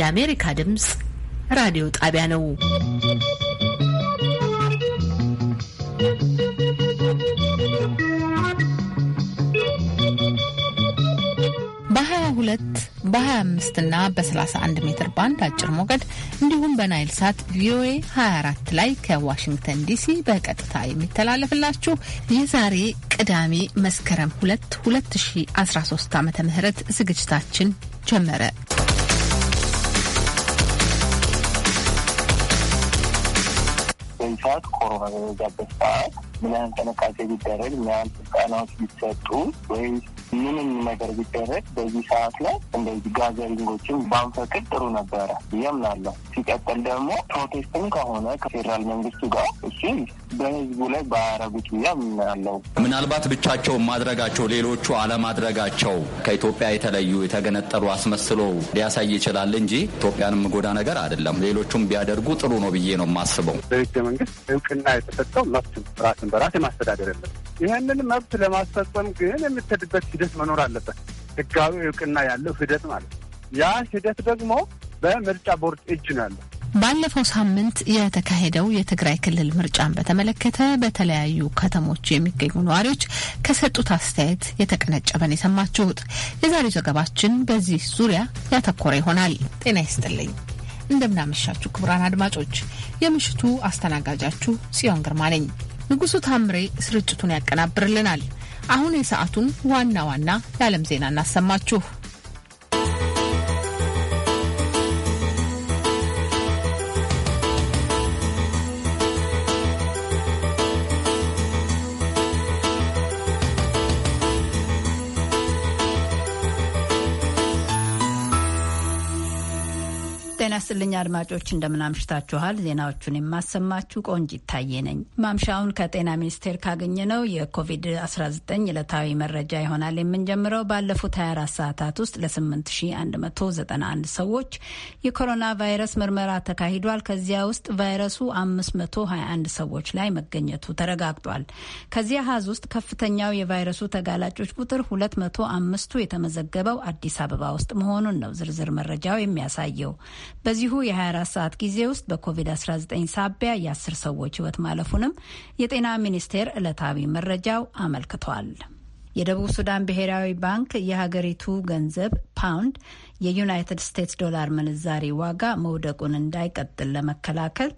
የአሜሪካ ድምፅ ራዲዮ ጣቢያ ነው። በ22 በ25 እና በ31 ሜትር ባንድ አጭር ሞገድ እንዲሁም በናይል ሳት ቪኦኤ 24 ላይ ከዋሽንግተን ዲሲ በቀጥታ የሚተላለፍላችሁ የዛሬ ቅዳሜ መስከረም 2 2013 ዓ ም ዝግጅታችን ጀመረ። ሰዓት ኮሮና በበዛበት ሰዓት ምን ያህል ጥንቃቄ ቢደረግ ምን ያህል ስልጠናዎች ቢሰጡ ወይ ምንም ነገር ቢደረግ በዚህ ሰዓት ላይ እንደዚህ ጋዘሪንጎችን ባንፈቅድ ጥሩ ነበረ እያምናለሁ። ሲቀጥል ደግሞ ፕሮቴስትም ከሆነ ከፌዴራል መንግስቱ ጋር እሱ በህዝቡ ላይ ባያረጉት ብዬ ምናልባት ብቻቸው ማድረጋቸው ሌሎቹ አለማድረጋቸው ከኢትዮጵያ የተለዩ የተገነጠሉ አስመስሎ ሊያሳይ ይችላል እንጂ ኢትዮጵያንም ጎዳ ነገር አይደለም። ሌሎቹም ቢያደርጉ ጥሩ ነው ብዬ ነው የማስበው። በህገ መንግስት እውቅና የተሰጠው መብት ራስን በራስ የማስተዳደር መብት። ይህንን መብት ለማስፈጸም ግን የምትሄድበት ሂደት መኖር አለበት። ህጋዊ እውቅና ያለው ሂደት ማለት ነው። ያ ሂደት ደግሞ በምርጫ ቦርድ እጅ ነው ያለው። ባለፈው ሳምንት የተካሄደው የትግራይ ክልል ምርጫን በተመለከተ በተለያዩ ከተሞች የሚገኙ ነዋሪዎች ከሰጡት አስተያየት የተቀነጨበን የሰማችሁት። የዛሬው ዘገባችን በዚህ ዙሪያ ያተኮረ ይሆናል። ጤና ይስጥልኝ። እንደምናመሻችሁ ክቡራን አድማጮች፣ የምሽቱ አስተናጋጃችሁ ጽዮን ግርማ ነኝ። ንጉሱ ታምሬ ስርጭቱን ያቀናብርልናል። አሁን የሰዓቱን ዋና ዋና የዓለም ዜና እናሰማችሁ። ጤና ይስጥልኝ አድማጮች፣ እንደምናምሽታችኋል። ዜናዎቹን የማሰማችሁ ቆንጅ ይታየ ነኝ። ማምሻውን ከጤና ሚኒስቴር ካገኘነው የኮቪድ-19 ዕለታዊ መረጃ ይሆናል የምንጀምረው። ባለፉት 24 ሰዓታት ውስጥ ለ8191 ሰዎች የኮሮና ቫይረስ ምርመራ ተካሂዷል። ከዚያ ውስጥ ቫይረሱ 521 ሰዎች ላይ መገኘቱ ተረጋግጧል። ከዚህ አሃዝ ውስጥ ከፍተኛው የቫይረሱ ተጋላጮች ቁጥር 205ቱ የተመዘገበው አዲስ አበባ ውስጥ መሆኑን ነው ዝርዝር መረጃው የሚያሳየው። በዚሁ የ24 ሰዓት ጊዜ ውስጥ በኮቪድ-19 ሳቢያ የ10 ሰዎች ህይወት ማለፉንም የጤና ሚኒስቴር ዕለታዊ መረጃው አመልክቷል። የደቡብ ሱዳን ብሔራዊ ባንክ የሀገሪቱ ገንዘብ ፓውንድ የዩናይትድ ስቴትስ ዶላር ምንዛሪ ዋጋ መውደቁን እንዳይቀጥል ለመከላከል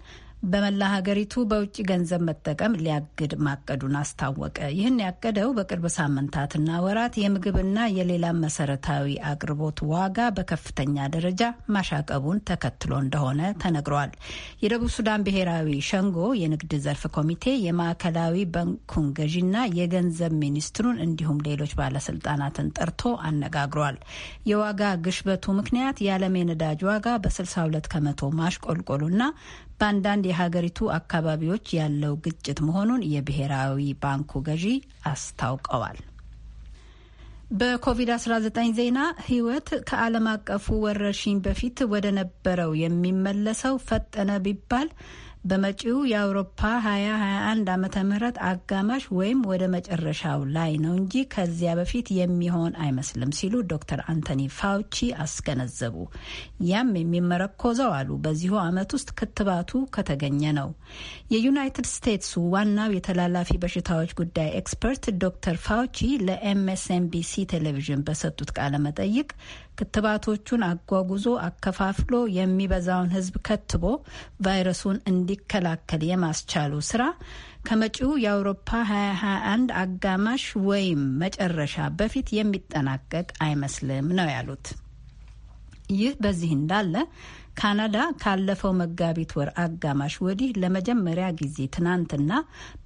በመላ ሀገሪቱ በውጭ ገንዘብ መጠቀም ሊያግድ ማቀዱን አስታወቀ። ይህን ያቀደው በቅርብ ሳምንታትና ወራት የምግብና የሌላ መሰረታዊ አቅርቦት ዋጋ በከፍተኛ ደረጃ ማሻቀቡን ተከትሎ እንደሆነ ተነግሯል። የደቡብ ሱዳን ብሔራዊ ሸንጎ የንግድ ዘርፍ ኮሚቴ የማዕከላዊ ባንኩን ገዢና የገንዘብ ሚኒስትሩን እንዲሁም ሌሎች ባለስልጣናትን ጠርቶ አነጋግሯል። የዋጋ ግሽበቱ ምክንያት የዓለም የነዳጅ ዋጋ በ62 ከመቶ ማሽቆልቆሉና በአንዳንድ የሀገሪቱ አካባቢዎች ያለው ግጭት መሆኑን የብሔራዊ ባንኩ ገዢ አስታውቀዋል። በኮቪድ-19 ዜና ህይወት ከዓለም አቀፉ ወረርሽኝ በፊት ወደ ነበረው የሚመለሰው ፈጠነ ቢባል በመጪው የአውሮፓ 2021 ዓመተ ምህረት አጋማሽ ወይም ወደ መጨረሻው ላይ ነው እንጂ ከዚያ በፊት የሚሆን አይመስልም ሲሉ ዶክተር አንቶኒ ፋውቺ አስገነዘቡ። ያም የሚመረኮዘው አሉ በዚሁ ዓመት ውስጥ ክትባቱ ከተገኘ ነው። የዩናይትድ ስቴትሱ ዋናው የተላላፊ በሽታዎች ጉዳይ ኤክስፐርት ዶክተር ፋውቺ ለኤምኤስኤንቢሲ ቴሌቪዥን በሰጡት ቃለ መጠይቅ ክትባቶቹን አጓጉዞ አከፋፍሎ የሚበዛውን ህዝብ ከትቦ ቫይረሱን እንዲከላከል የማስቻሉ ስራ ከመጪው የአውሮፓ 2021 አጋማሽ ወይም መጨረሻ በፊት የሚጠናቀቅ አይመስልም ነው ያሉት። ይህ በዚህ እንዳለ ካናዳ ካለፈው መጋቢት ወር አጋማሽ ወዲህ ለመጀመሪያ ጊዜ ትናንትና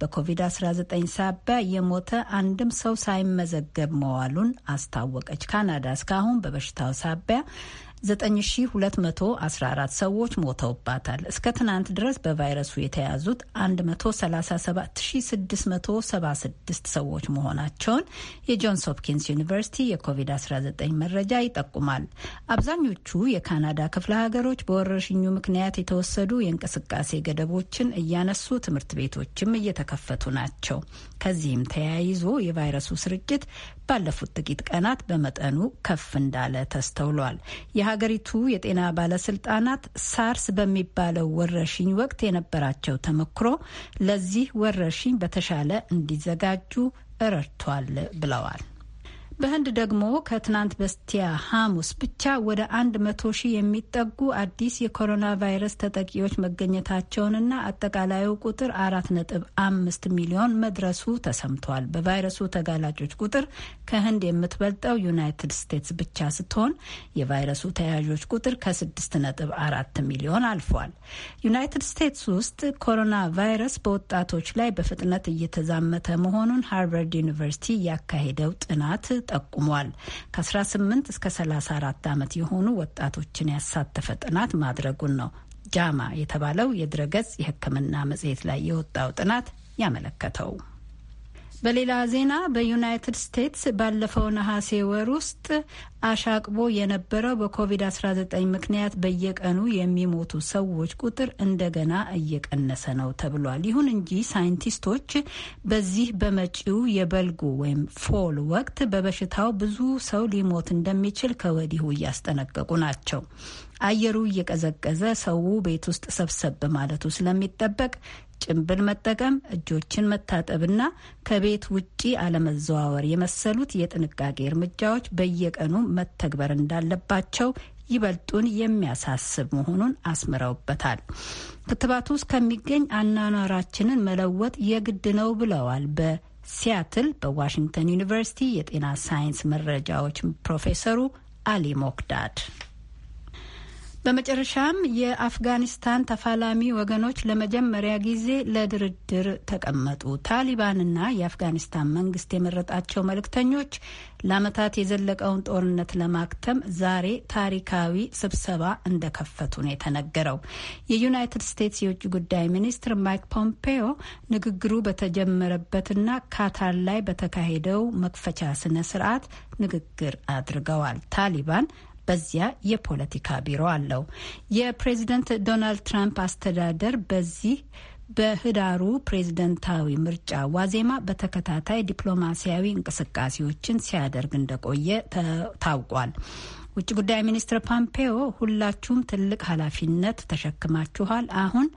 በኮቪድ-19 ሳቢያ የሞተ አንድም ሰው ሳይመዘገብ መዋሉን አስታወቀች። ካናዳ እስካሁን በበሽታው ሳቢያ 9214 ሰዎች ሞተውባታል። እስከ ትናንት ድረስ በቫይረሱ የተያዙት 137676 ሰዎች መሆናቸውን የጆንስ ሆፕኪንስ ዩኒቨርሲቲ የኮቪድ-19 መረጃ ይጠቁማል። አብዛኞቹ የካናዳ ክፍለ ሀገሮች በወረርሽኙ ምክንያት የተወሰዱ የእንቅስቃሴ ገደቦችን እያነሱ ትምህርት ቤቶችም እየተከፈቱ ናቸው። ከዚህም ተያይዞ የቫይረሱ ስርጭት ባለፉት ጥቂት ቀናት በመጠኑ ከፍ እንዳለ ተስተውሏል። የሀገሪቱ የጤና ባለስልጣናት ሳርስ በሚባለው ወረርሽኝ ወቅት የነበራቸው ተመክሮ ለዚህ ወረርሽኝ በተሻለ እንዲዘጋጁ ረድቷል ብለዋል። በህንድ ደግሞ ከትናንት በስቲያ ሐሙስ ብቻ ወደ አንድ መቶ ሺህ የሚጠጉ አዲስ የኮሮና ቫይረስ ተጠቂዎች መገኘታቸውንና አጠቃላዩ ቁጥር አራት ነጥብ አምስት ሚሊዮን መድረሱ ተሰምቷል። በቫይረሱ ተጋላጮች ቁጥር ከህንድ የምትበልጠው ዩናይትድ ስቴትስ ብቻ ስትሆን የቫይረሱ ተያዦች ቁጥር ከስድስት ነጥብ አራት ሚሊዮን አልፏል። ዩናይትድ ስቴትስ ውስጥ ኮሮና ቫይረስ በወጣቶች ላይ በፍጥነት እየተዛመተ መሆኑን ሃርቨርድ ዩኒቨርሲቲ ያካሄደው ጥናት ጠቁሟል። ከ18 እስከ 34 ዓመት የሆኑ ወጣቶችን ያሳተፈ ጥናት ማድረጉን ነው ጃማ የተባለው የድረገጽ የሕክምና መጽሔት ላይ የወጣው ጥናት ያመለከተው። በሌላ ዜና በዩናይትድ ስቴትስ ባለፈው ነሐሴ ወር ውስጥ አሻቅቦ የነበረው በኮቪድ-19 ምክንያት በየቀኑ የሚሞቱ ሰዎች ቁጥር እንደገና እየቀነሰ ነው ተብሏል። ይሁን እንጂ ሳይንቲስቶች በዚህ በመጪው የበልጉ ወይም ፎል ወቅት በበሽታው ብዙ ሰው ሊሞት እንደሚችል ከወዲሁ እያስጠነቀቁ ናቸው። አየሩ እየቀዘቀዘ ሰው ቤት ውስጥ ሰብሰብ ማለቱ ስለሚጠበቅ ጭንብል መጠቀም፣ እጆችን መታጠብና ከቤት ውጪ አለመዘዋወር የመሰሉት የጥንቃቄ እርምጃዎች በየቀኑ መተግበር እንዳለባቸው ይበልጡን የሚያሳስብ መሆኑን አስምረውበታል። ክትባቱ ውስጥ ከሚገኝ አኗኗራችንን መለወጥ የግድ ነው ብለዋል። በሲያትል በዋሽንግተን ዩኒቨርሲቲ የጤና ሳይንስ መረጃዎች ፕሮፌሰሩ አሊ ሞክዳድ በመጨረሻም የአፍጋኒስታን ተፋላሚ ወገኖች ለመጀመሪያ ጊዜ ለድርድር ተቀመጡ። ታሊባንና የአፍጋኒስታን መንግስት የመረጣቸው መልእክተኞች ለአመታት የዘለቀውን ጦርነት ለማክተም ዛሬ ታሪካዊ ስብሰባ እንደከፈቱ ነው የተነገረው። የዩናይትድ ስቴትስ የውጭ ጉዳይ ሚኒስትር ማይክ ፖምፔዮ ንግግሩ በተጀመረበትና ካታር ላይ በተካሄደው መክፈቻ ስነ ስርዓት ንግግር አድርገዋል። ታሊባን በዚያ የፖለቲካ ቢሮ አለው። የፕሬዝደንት ዶናልድ ትራምፕ አስተዳደር በዚህ በህዳሩ ፕሬዝደንታዊ ምርጫ ዋዜማ በተከታታይ ዲፕሎማሲያዊ እንቅስቃሴዎችን ሲያደርግ እንደቆየ ታውቋል። ውጭ ጉዳይ ሚኒስትር ፖምፔዮ ሁላችሁም ትልቅ ኃላፊነት ተሸክማችኋል፣ አሁን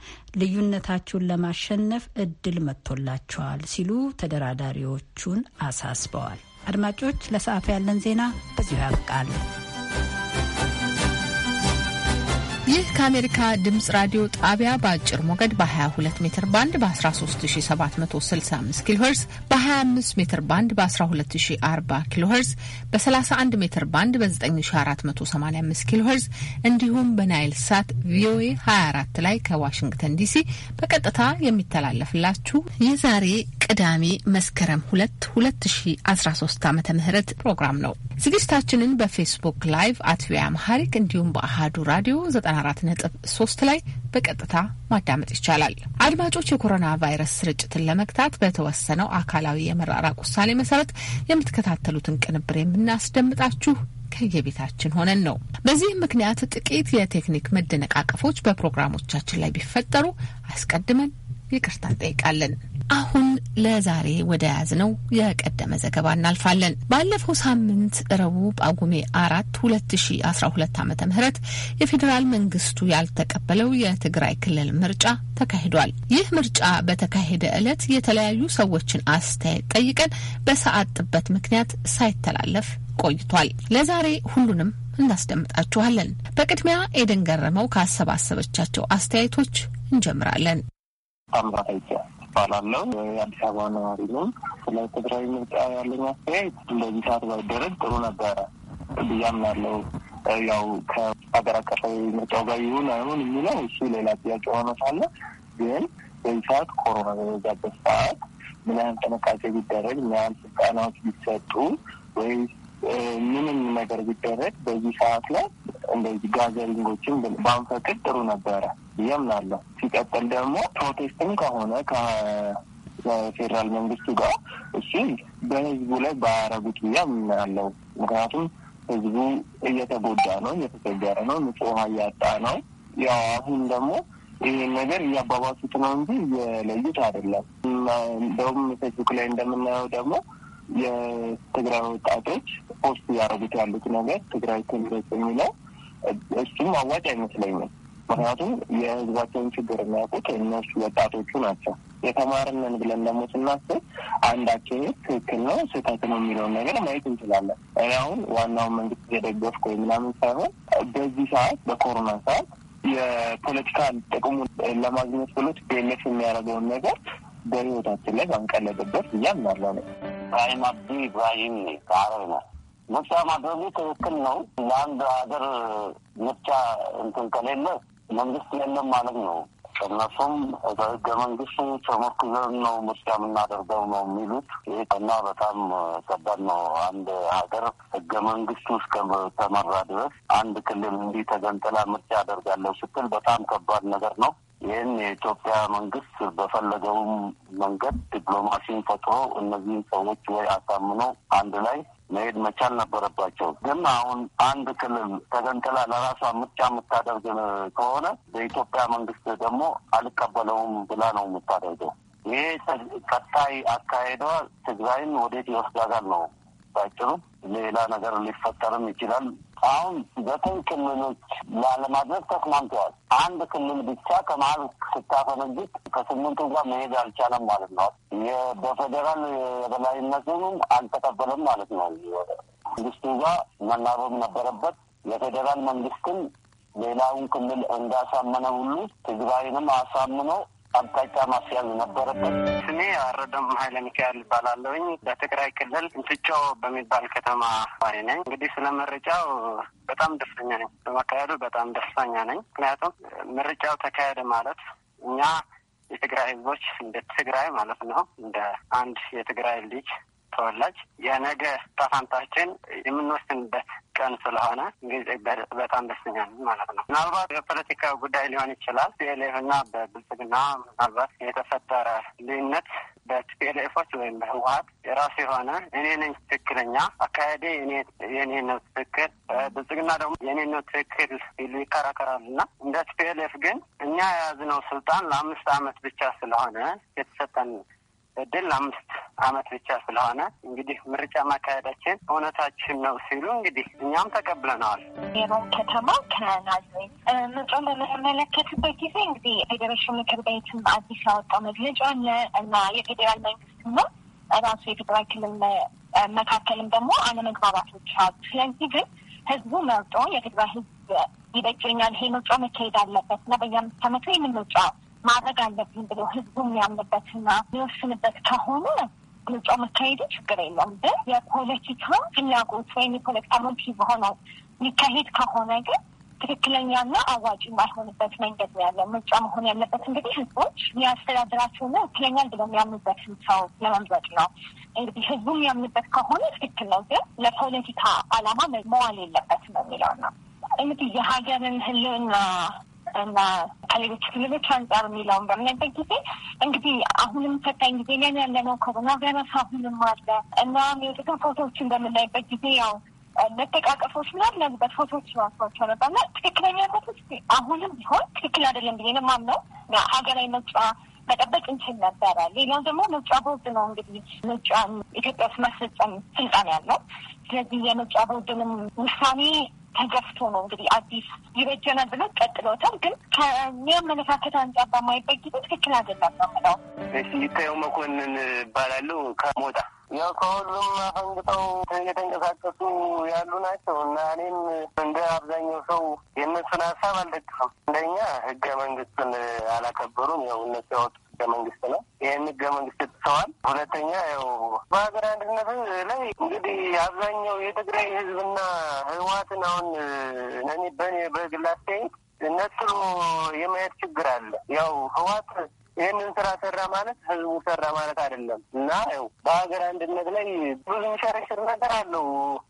ልዩነታችሁን ለማሸነፍ እድል መጥቶላችኋል ሲሉ ተደራዳሪዎቹን አሳስበዋል። አድማጮች፣ ለሰዓቱ ያለን ዜና በዚሁ ያበቃል። ይህ ከአሜሪካ ድምጽ ራዲዮ ጣቢያ በአጭር ሞገድ በ22 ሜትር ባንድ በ13765 ኪሎ ሄርዝ በ25 ሜትር ባንድ በ1240 ኪሎ ሄርዝ በ31 ሜትር ባንድ በ9485 ኪሎ ሄርዝ እንዲሁም በናይል ሳት ቪኦኤ 24 ላይ ከዋሽንግተን ዲሲ በቀጥታ የሚተላለፍላችሁ የዛሬ ቅዳሜ መስከረም 2 2013 ዓ ም ፕሮግራም ነው። ዝግጅታችንን በፌስቡክ ላይቭ አት ቪኦኤ አምሃሪክ እንዲሁም በአሀዱ ራዲዮ 94.3 ላይ በቀጥታ ማዳመጥ ይቻላል። አድማጮች፣ የኮሮና ቫይረስ ስርጭትን ለመግታት በተወሰነው አካላዊ የመራራቅ ውሳኔ መሰረት የምትከታተሉትን ቅንብር የምናስደምጣችሁ ከየቤታችን ሆነን ነው። በዚህም ምክንያት ጥቂት የቴክኒክ መደነቃቀፎች በፕሮግራሞቻችን ላይ ቢፈጠሩ አስቀድመን ይቅርታ እንጠይቃለን። አሁን ለዛሬ ወደ ያዝ ነው የቀደመ ዘገባ እናልፋለን። ባለፈው ሳምንት ረቡዕ ጳጉሜ አራት ሁለት ሺ አስራ ሁለት ዓመተ ምህረት የፌዴራል መንግስቱ ያልተቀበለው የትግራይ ክልል ምርጫ ተካሂዷል። ይህ ምርጫ በተካሄደ ዕለት የተለያዩ ሰዎችን አስተያየት ጠይቀን በሰዓት ጥበት ምክንያት ሳይተላለፍ ቆይቷል። ለዛሬ ሁሉንም እናስደምጣችኋለን። በቅድሚያ ኤደን ገረመው ካሰባሰበቻቸው አስተያየቶች እንጀምራለን። እባላለሁ። የአዲስ አበባ ነዋሪ ነው። ስለ ትግራዊ ምርጫ ያለኝ አስተያየት እንደዚህ ሰዓት ባይደረግ ጥሩ ነበረ ብዬ አምናለሁ። ያው ከሀገር አቀፋዊ ምርጫው ጋር ይሁን አይሁን የሚለው እሱ ሌላ ጥያቄ ሆኖ ሳለ ግን በዚህ ሰዓት ኮሮና በበዛበት ሰዓት ምን ያህል ጥንቃቄ ቢደረግ፣ ምን ያህል ስልጠናዎች ቢሰጡ ወይ ምንም ነገር ቢደረግ በዚህ ሰዓት ላይ እንደዚህ ጋዘሪንጎችን ባንፈቅድ ጥሩ ነበረ። ብዬ አምናለሁ። ሲቀጥል ደግሞ ፕሮቴስትም ከሆነ ከፌዴራል መንግስቱ ጋር እሱ በህዝቡ ላይ ባያረጉት ብዬ አምናለሁ። ምክንያቱም ህዝቡ እየተጎዳ ነው፣ እየተቸገረ ነው፣ ንጹህ ውሃ እያጣ ነው። ያው አሁን ደግሞ ይህን ነገር እያባባሱት ነው እንጂ የለዩት አይደለም። እንደውም ፌስቡክ ላይ እንደምናየው ደግሞ የትግራይ ወጣቶች ፖስት እያደረጉት ያሉት ነገር ትግራይ ትምረጥ የሚለው እሱም አዋጭ አይመስለኝም። ምክንያቱም የህዝባቸውን ችግር የሚያውቁት እነሱ ወጣቶቹ ናቸው። የተማርነን ብለን ደግሞ ስናስብ አንድ አካሄድ ትክክል ነው ስህተት ነው የሚለውን ነገር ማየት እንችላለን። እኔ አሁን ዋናውን መንግስት እየደገፍኩ ወይ ምናምን ሳይሆን በዚህ ሰዓት በኮሮና ሰዓት የፖለቲካል ጥቅሙን ለማግኘት ብሎ ቲፒኤልኤፍ የሚያደርገውን ነገር በህይወታችን ላይ ባንቀለድበት ብዬ አምናለሁ። ነው ብራሂም አብዲ ብራሂም ከአረብ ነ ምርጫ ማድረጉ ትክክል ነው። ለአንድ ሀገር ምርጫ እንትን ከሌለ መንግስት የለም ማለት ነው። እነሱም በህገ መንግስቱ ተመርኩዘን ነው ምርጫ የምናደርገው ነው የሚሉት። ይህ እና በጣም ከባድ ነው። አንድ ሀገር ህገ መንግስቱ እስከ ተመራ ድረስ አንድ ክልል እንዲህ ተገንጥላ ምርጫ አደርጋለሁ ስትል በጣም ከባድ ነገር ነው። ይህን የኢትዮጵያ መንግስት በፈለገውም መንገድ ዲፕሎማሲን ፈጥሮ እነዚህን ሰዎች ወይ አሳምኖ አንድ ላይ መሄድ መቻል ነበረባቸው። ግን አሁን አንድ ክልል ተገንጥላ ለራሷ ምርጫ የምታደርግ ከሆነ በኢትዮጵያ መንግስት ደግሞ አልቀበለውም ብላ ነው የምታደርገው። ይሄ ቀጣይ አካሄዷ ትግራይን ወዴት ይወስዳታል ነው ባጭሩ። ሌላ ነገር ሊፈጠርም ይችላል። አሁን ዘጠኝ ክልሎች ላለማድረግ ተስማምተዋል። አንድ ክልል ብቻ ከመሀል ስታፈነግጥ ከስምንቱ ጋር መሄድ አልቻለም ማለት ነው። በፌዴራል የበላይነቱንም አልተቀበለም ማለት ነው። መንግስቱ ጋር መናበብ ነበረበት። የፌዴራል መንግስትን ሌላውን ክልል እንዳሳመነ ሁሉ ትግራይንም አሳምነው አቅጣጫ ማስያዝ ነበረበት። ስሜ አረደም ሀይለ ሚካኤል ይባላለሁኝ። በትግራይ ክልል እንትጮ በሚባል ከተማ ነኝ። እንግዲህ ስለ ምርጫው በጣም ደስተኛ ነኝ። በመካሄዱ በጣም ደስተኛ ነኝ። ምክንያቱም ምርጫው ተካሄደ ማለት እኛ የትግራይ ህዝቦች እንደ ትግራይ ማለት ነው እንደ አንድ የትግራይ ልጅ ተወላጅ የነገ ጣፋንታችን የምንወስንበት ቀን ስለሆነ እንግዲህ በጣም ደስተኛ ማለት ነው። ምናልባት የፖለቲካ ጉዳይ ሊሆን ይችላል። ፒኤልኤፍና በብልጽግና ምናልባት የተፈጠረ ልዩነት በፒኤልኤፎች ወይም በህወሀት የራሱ የሆነ እኔ ነኝ ትክክለኛ አካሄዴ የኔ ነው ትክክል፣ ብልጽግና ደግሞ የኔ ነው ትክክል ይሉ ይከራከራሉ እና እንደ ፒኤልኤፍ ግን እኛ የያዝነው ስልጣን ለአምስት አመት ብቻ ስለሆነ የተሰጠን እድል አምስት አመት ብቻ ስለሆነ እንግዲህ ምርጫ ማካሄዳችን እውነታችን ነው ሲሉ እንግዲህ እኛም ተቀብለነዋል። የሮም ከተማ ከናዝሬት ምርጫን በምንመለከትበት ጊዜ እንግዲህ ፌዴሬሽን ምክር ቤትም አዲስ ያወጣው መግለጫ አለ እና የፌዴራል መንግስትና ራሱ የፌዴራል ክልል መካከልም ደግሞ አለመግባባቶች አሉ። ስለዚህ ግን ህዝቡ መርጦ የፌዴራል ህዝብ ይበጀኛል ይሄ ምርጫ መካሄድ አለበት እና በየአምስት አመቱ ይህን ምርጫ ማድረግ አለብን ብሎ ህዝቡ የሚያምንበትና የሚወስንበት ከሆነ ምርጫ መካሄዱ ችግር የለም። ግን የፖለቲካ ፍላጎት ወይም የፖለቲካ መንፊ በሆነው ሊካሄድ ከሆነ ግን ትክክለኛና አዋጭ ባልሆንበት መንገድ ነው ያለ ምርጫ መሆን ያለበት። እንግዲህ ህዝቦች ሊያስተዳድራቸውና ትክክለኛል ብለው የሚያምኑበትን ሰው ለመምረጥ ነው። እንግዲህ ህዝቡ የሚያምንበት ከሆነ ትክክል ነው፣ ግን ለፖለቲካ አላማ መዋል የለበትም የሚለው ነው። እንግዲህ የሀገርን ህልውና እና ከሌሎች ክልሎች አንጻር የሚለውን በምናይበት ጊዜ እንግዲህ አሁንም ፈታኝ ጊዜ ላይ ያለ ነው። ኮሮና ቫይረስ አሁንም አለ እና የሚወጡትን ፎቶዎችን በምናይበት ጊዜ ያው መጠቃቀፎች ምናምን ያሉበት ፎቶዎች ራሷቸው ነበር እና ትክክለኛ ፎቶች አሁንም ቢሆን ትክክል አይደለም ብዬ ነው የማምነው። ሀገራዊ መጫ መጠበቅ እንችል ነበረ። ሌላው ደግሞ ምርጫ ቦርድ ነው እንግዲህ ምርጫ ኢትዮጵያ ውስጥ ማስፈጸም ስልጣን ያለው። ስለዚህ የምርጫ ቦርድንም ውሳኔ ተገፍቶ ነው እንግዲህ አዲስ ይበጀናል ብለው ቀጥለውታል። ግን መለካከት አንጻር በማይበት ጊዜ ትክክል አይደለም ነው ምለው። ይታየው መኮንን እባላለሁ ከሞጣ ያው ከሁሉም አፈንግጠው እየተንቀሳቀሱ ያሉ ናቸው እና እኔም እንደ አብዛኛው ሰው የእነሱን ሀሳብ አልደግፍም። እንደኛ ህገ መንግስቱን አላከበሩም። ያው እነሱ ያወጡ ህገ መንግስት ነው። ይህን ህገ መንግስት ጥሰዋል። ሁለተኛ ያው በሀገር አንድነት ላይ እንግዲህ አብዛኛው የትግራይ ህዝብና ህወሓትን አሁን በኔ በግል አስተያየት ነጥሎ የማየት ችግር አለ። ያው ህወሓት ይህንን ስራ ሰራ ማለት ህዝቡ ሰራ ማለት አይደለም እና ው በሀገር አንድነት ላይ ብዙ ሸርሽር ነገር አለው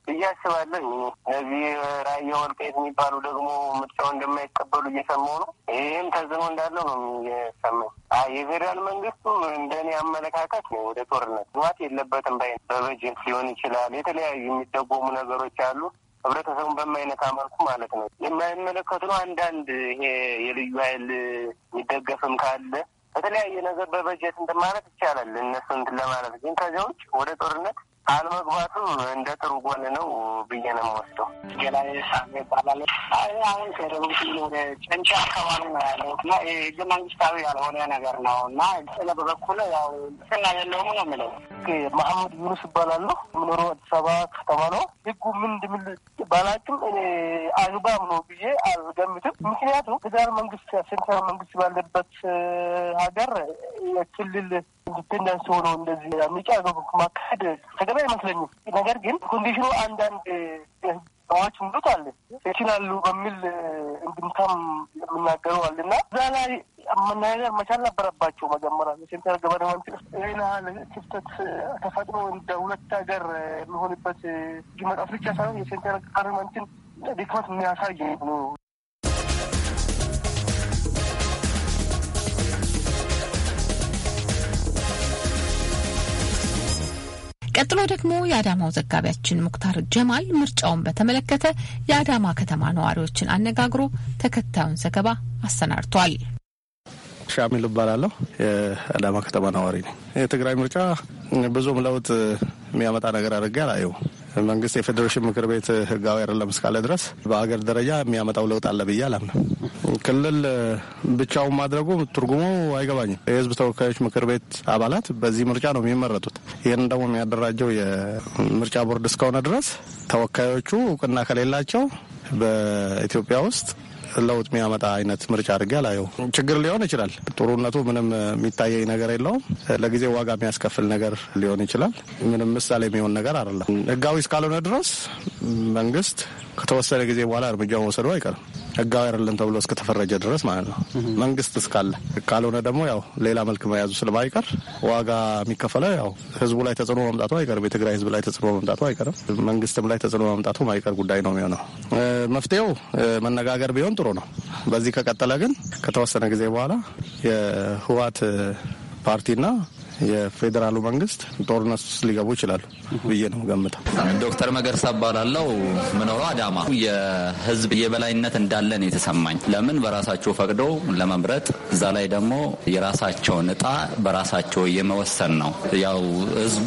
ብዬ አስባለሁ። እዚህ ራያ ወልቃይት የሚባሉ ደግሞ ምርጫው እንደማይቀበሉ እየሰማው ነው። ይህም ተጽዕኖ እንዳለው ነው የሰማኝ። የፌዴራል መንግስቱ እንደኔ አመለካከት ነው ወደ ጦርነት ግባት የለበትም ባይ በበጀት ሊሆን ይችላል። የተለያዩ የሚደጎሙ ነገሮች አሉ ህብረተሰቡን በማይነካ መልኩ ማለት ነው የማይመለከቱ ነው። አንዳንድ ይሄ የልዩ ኃይል የሚደገፍም ካለ በተለያየ ነገር በበጀት እንደማለት ይቻላል። እነሱ እንትን ለማለት ግን ከዚያ ውጭ ወደ ጦርነት አለመግባቱ እንደ ጥሩ ጎን ነው ብዬ ነው የምወስደው። ገላይ ሳሜ ይባላል። አሁን ከደቡብ ክልል ወደ ጨንቻ አካባቢ ነው ያለው እና ህገ መንግስታዊ ያልሆነ ነገር ነው እና ስለ በበኩል ያው ስና የለውም ነው የሚለው። መሐመድ ዩኑስ ይባላለሁ። የምኖረው አዲስ አበባ ከተማ ነው። ህጉ ምን እንደሚል ባላውቅም እኔ አግባብ ነው ብዬ አልገምትም። ምክንያቱም ፌዴራል መንግስት ሴንትራል መንግስት ባለበት ሀገር የክልል ኢንዲፔንደንስ ሆኖ እንደዚህ ምርጫ ማካሄድ ተገቢ አይመስለኝም። ነገር ግን ኮንዲሽኑ አንዳንድ ሰዎች ምሉት አለ ይችላሉ በሚል እንድምታም የምናገሩ አለ እና እዛ ላይ መናገር መቻል ነበረባቸው። መጀመሪያ ሴንትራል ገቨርንመንት ይህናል ክፍተት ተፈጥሮ እንደ ሁለት ሀገር የሚሆንበት ጅመጣፍ ብቻ ሳይሆን የሴንትራል ገቨርንመንትን ድክመት የሚያሳይ ነው። ቀጥሎ ደግሞ የአዳማው ዘጋቢያችን ሙክታር ጀማል ምርጫውን በተመለከተ የአዳማ ከተማ ነዋሪዎችን አነጋግሮ ተከታዩን ዘገባ አሰናድቷል። ሻሚል እባላለሁ። የአዳማ ከተማ ነዋሪ ነኝ። የትግራይ ምርጫ ብዙም ለውጥ የሚያመጣ ነገር አድርጌ አላየው መንግስት የፌዴሬሽን ምክር ቤት ህጋዊ አይደለም እስካለ ድረስ በአገር ደረጃ የሚያመጣው ለውጥ አለ ብዬ አላምነው። ክልል ብቻውን ማድረጉ ትርጉሙ አይገባኝም። የህዝብ ተወካዮች ምክር ቤት አባላት በዚህ ምርጫ ነው የሚመረጡት። ይህን ደግሞ የሚያደራጀው የምርጫ ቦርድ እስከሆነ ድረስ ተወካዮቹ እውቅና ከሌላቸው በኢትዮጵያ ውስጥ ለውጥ የሚያመጣ አይነት ምርጫ አድርጌ አላየው። ችግር ሊሆን ይችላል። ጥሩነቱ ምንም የሚታየኝ ነገር የለውም። ለጊዜ ዋጋ የሚያስከፍል ነገር ሊሆን ይችላል። ምንም ምሳሌ የሚሆን ነገር አይደለም። ህጋዊ እስካልሆነ ድረስ መንግስት ከተወሰነ ጊዜ በኋላ እርምጃ መውሰዱ አይቀርም። ህጋዊ አይደለም ተብሎ እስከተፈረጀ ድረስ ማለት ነው። መንግስት እስካለ ካልሆነ ደግሞ ያው ሌላ መልክ መያዙ ስለማይቀር ዋጋ የሚከፈለው ያው ህዝቡ ላይ ተጽዕኖ መምጣቱ አይቀርም። የትግራይ ህዝብ ላይ ተጽዕኖ መምጣቱ አይቀርም። መንግስትም ላይ ተጽዕኖ መምጣቱ ማይቀር ጉዳይ ነው የሚሆነው። መፍትሄው መነጋገር ቢሆን ጥሩ ነው። በዚህ ከቀጠለ ግን ከተወሰነ ጊዜ በኋላ የህወሓት ፓርቲና የፌዴራሉ መንግስት ጦርነት ውስጥ ሊገቡ ይችላሉ ብዬ ነው ገምተው። ዶክተር መገርሳ እባላለሁ። ምኖረው አዳማ። የህዝብ የበላይነት እንዳለ ነው የተሰማኝ። ለምን በራሳቸው ፈቅደው ለመምረጥ እዛ ላይ ደግሞ የራሳቸውን እጣ በራሳቸው የመወሰን ነው። ያው ህዝቡ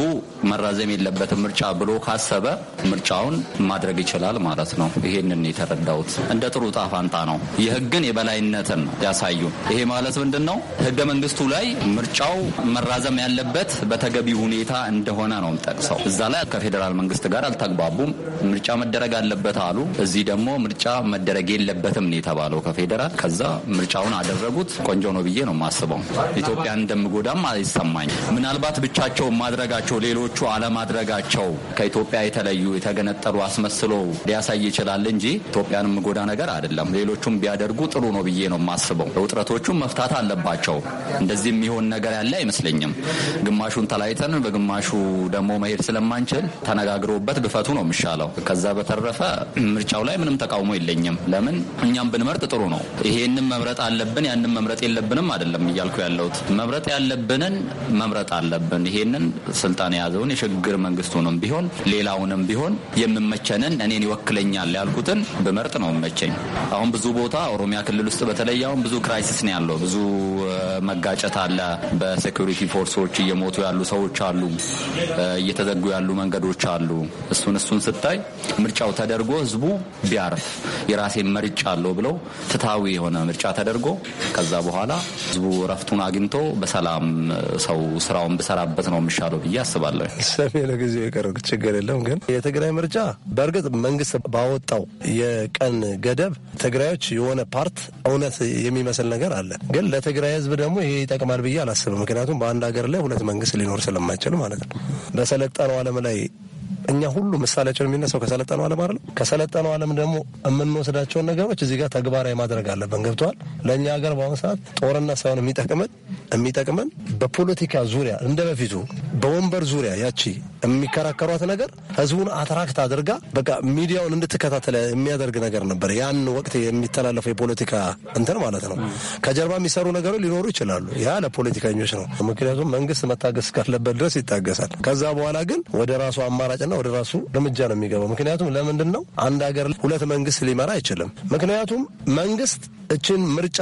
መራዘም የለበትም ምርጫ ብሎ ካሰበ ምርጫውን ማድረግ ይችላል ማለት ነው። ይሄንን የተረዳሁት እንደ ጥሩ እጣ ፋንታ ነው። የህግን የበላይነትን ያሳዩ። ይሄ ማለት ምንድን ነው? ህገ መንግስቱ ላይ ምርጫው መራዘም ያለበት በተገቢ ሁኔታ እንደሆነ ነው የምጠቅሰው። እዛ ላይ ከፌዴራል መንግስት ጋር አልተግባቡም። ምርጫ መደረግ አለበት አሉ። እዚህ ደግሞ ምርጫ መደረግ የለበትም ነው የተባለው ከፌዴራል። ከዛ ምርጫውን አደረጉት። ቆንጆ ነው ብዬ ነው ማስበው። ኢትዮጵያን እንደምጎዳም አይሰማኝ። ምናልባት ብቻቸው ማድረጋቸው ሌሎቹ አለማድረጋቸው ከኢትዮጵያ የተለዩ የተገነጠሉ አስመስሎ ሊያሳይ ይችላል እንጂ ኢትዮጵያን የምጎዳ ነገር አይደለም። ሌሎቹም ቢያደርጉ ጥሩ ነው ብዬ ነው ማስበው። ውጥረቶቹም መፍታት አለባቸው። እንደዚህ የሚሆን ነገር ያለ አይመስለኝም። ግማሹን ተላይተን በግማሹ ደግሞ መሄድ ስለማንችል ተነጋግሮበት ብፈቱ ነው የሚሻለው። ከዛ በተረፈ ምርጫው ላይ ምንም ተቃውሞ የለኝም። ለምን እኛም ብንመርጥ ጥሩ ነው። ይሄንም መምረጥ አለብን ያንም መምረጥ የለብንም አይደለም እያልኩ ያለሁት መምረጥ ያለብንን መምረጥ አለብን። ይሄንን ስልጣን የያዘውን የሽግግር መንግስቱንም ቢሆን ሌላውንም ቢሆን የምመቸንን እኔን ይወክለኛል ያልኩትን ብመርጥ ነው መቸኝ። አሁን ብዙ ቦታ ኦሮሚያ ክልል ውስጥ በተለይ አሁን ብዙ ክራይሲስ ነው ያለው። ብዙ መጋጨት አለ በሴኩሪቲ ፎርስ ሰዎች እየሞቱ ያሉ ሰዎች አሉ፣ እየተዘጉ ያሉ መንገዶች አሉ። እሱን እሱን ስታይ ምርጫው ተደርጎ ህዝቡ ቢያርፍ የራሴን መርጫ አለው ብለው ፍትሐዊ የሆነ ምርጫ ተደርጎ ከዛ በኋላ ህዝቡ እረፍቱን አግኝቶ በሰላም ሰው ስራውን ብሰራበት ነው የሚሻለው ብዬ አስባለሁ። ሰሜ ለጊዜ የቀረ ችግር የለም ግን የትግራይ ምርጫ በእርግጥ መንግስት ባወጣው የቀን ገደብ ትግራዮች የሆነ ፓርት እውነት የሚመስል ነገር አለ። ግን ለትግራይ ህዝብ ደግሞ ይሄ ይጠቅማል ብዬ አላስብም። ምክንያቱም በአንድ ሀገር ሀገር ላይ ሁለት መንግስት ሊኖር ስለማይችል ማለት ነው። በሰለጠነው ዓለም ላይ እኛ ሁሉ ምሳሌያቸው የሚነሳው ከሰለጠነው ዓለም አይደለም። ከሰለጠነው ዓለም ደግሞ የምንወስዳቸውን ነገሮች እዚህ ጋር ተግባራዊ ማድረግ አለብን። ገብተዋል። ለእኛ ሀገር በአሁኑ ሰዓት ጦርነት ሳይሆን የሚጠቅመን የሚጠቅመን በፖለቲካ ዙሪያ እንደ በፊቱ በወንበር ዙሪያ ያቺ የሚከራከሯት ነገር ህዝቡን አትራክት አድርጋ በቃ ሚዲያውን እንድትከታተለ የሚያደርግ ነገር ነበር። ያን ወቅት የሚተላለፈው የፖለቲካ እንትን ማለት ነው። ከጀርባ የሚሰሩ ነገሮች ሊኖሩ ይችላሉ። ያ ለፖለቲከኞች ነው። ምክንያቱም መንግስት መታገስ እስካለበት ድረስ ይታገሳል። ከዛ በኋላ ግን ወደ ራሱ አማራጭና ወደ ራሱ እርምጃ ነው የሚገባው። ምክንያቱም ለምንድን ነው አንድ ሀገር ሁለት መንግስት ሊመራ አይችልም። ምክንያቱም መንግስት እችን ምርጫ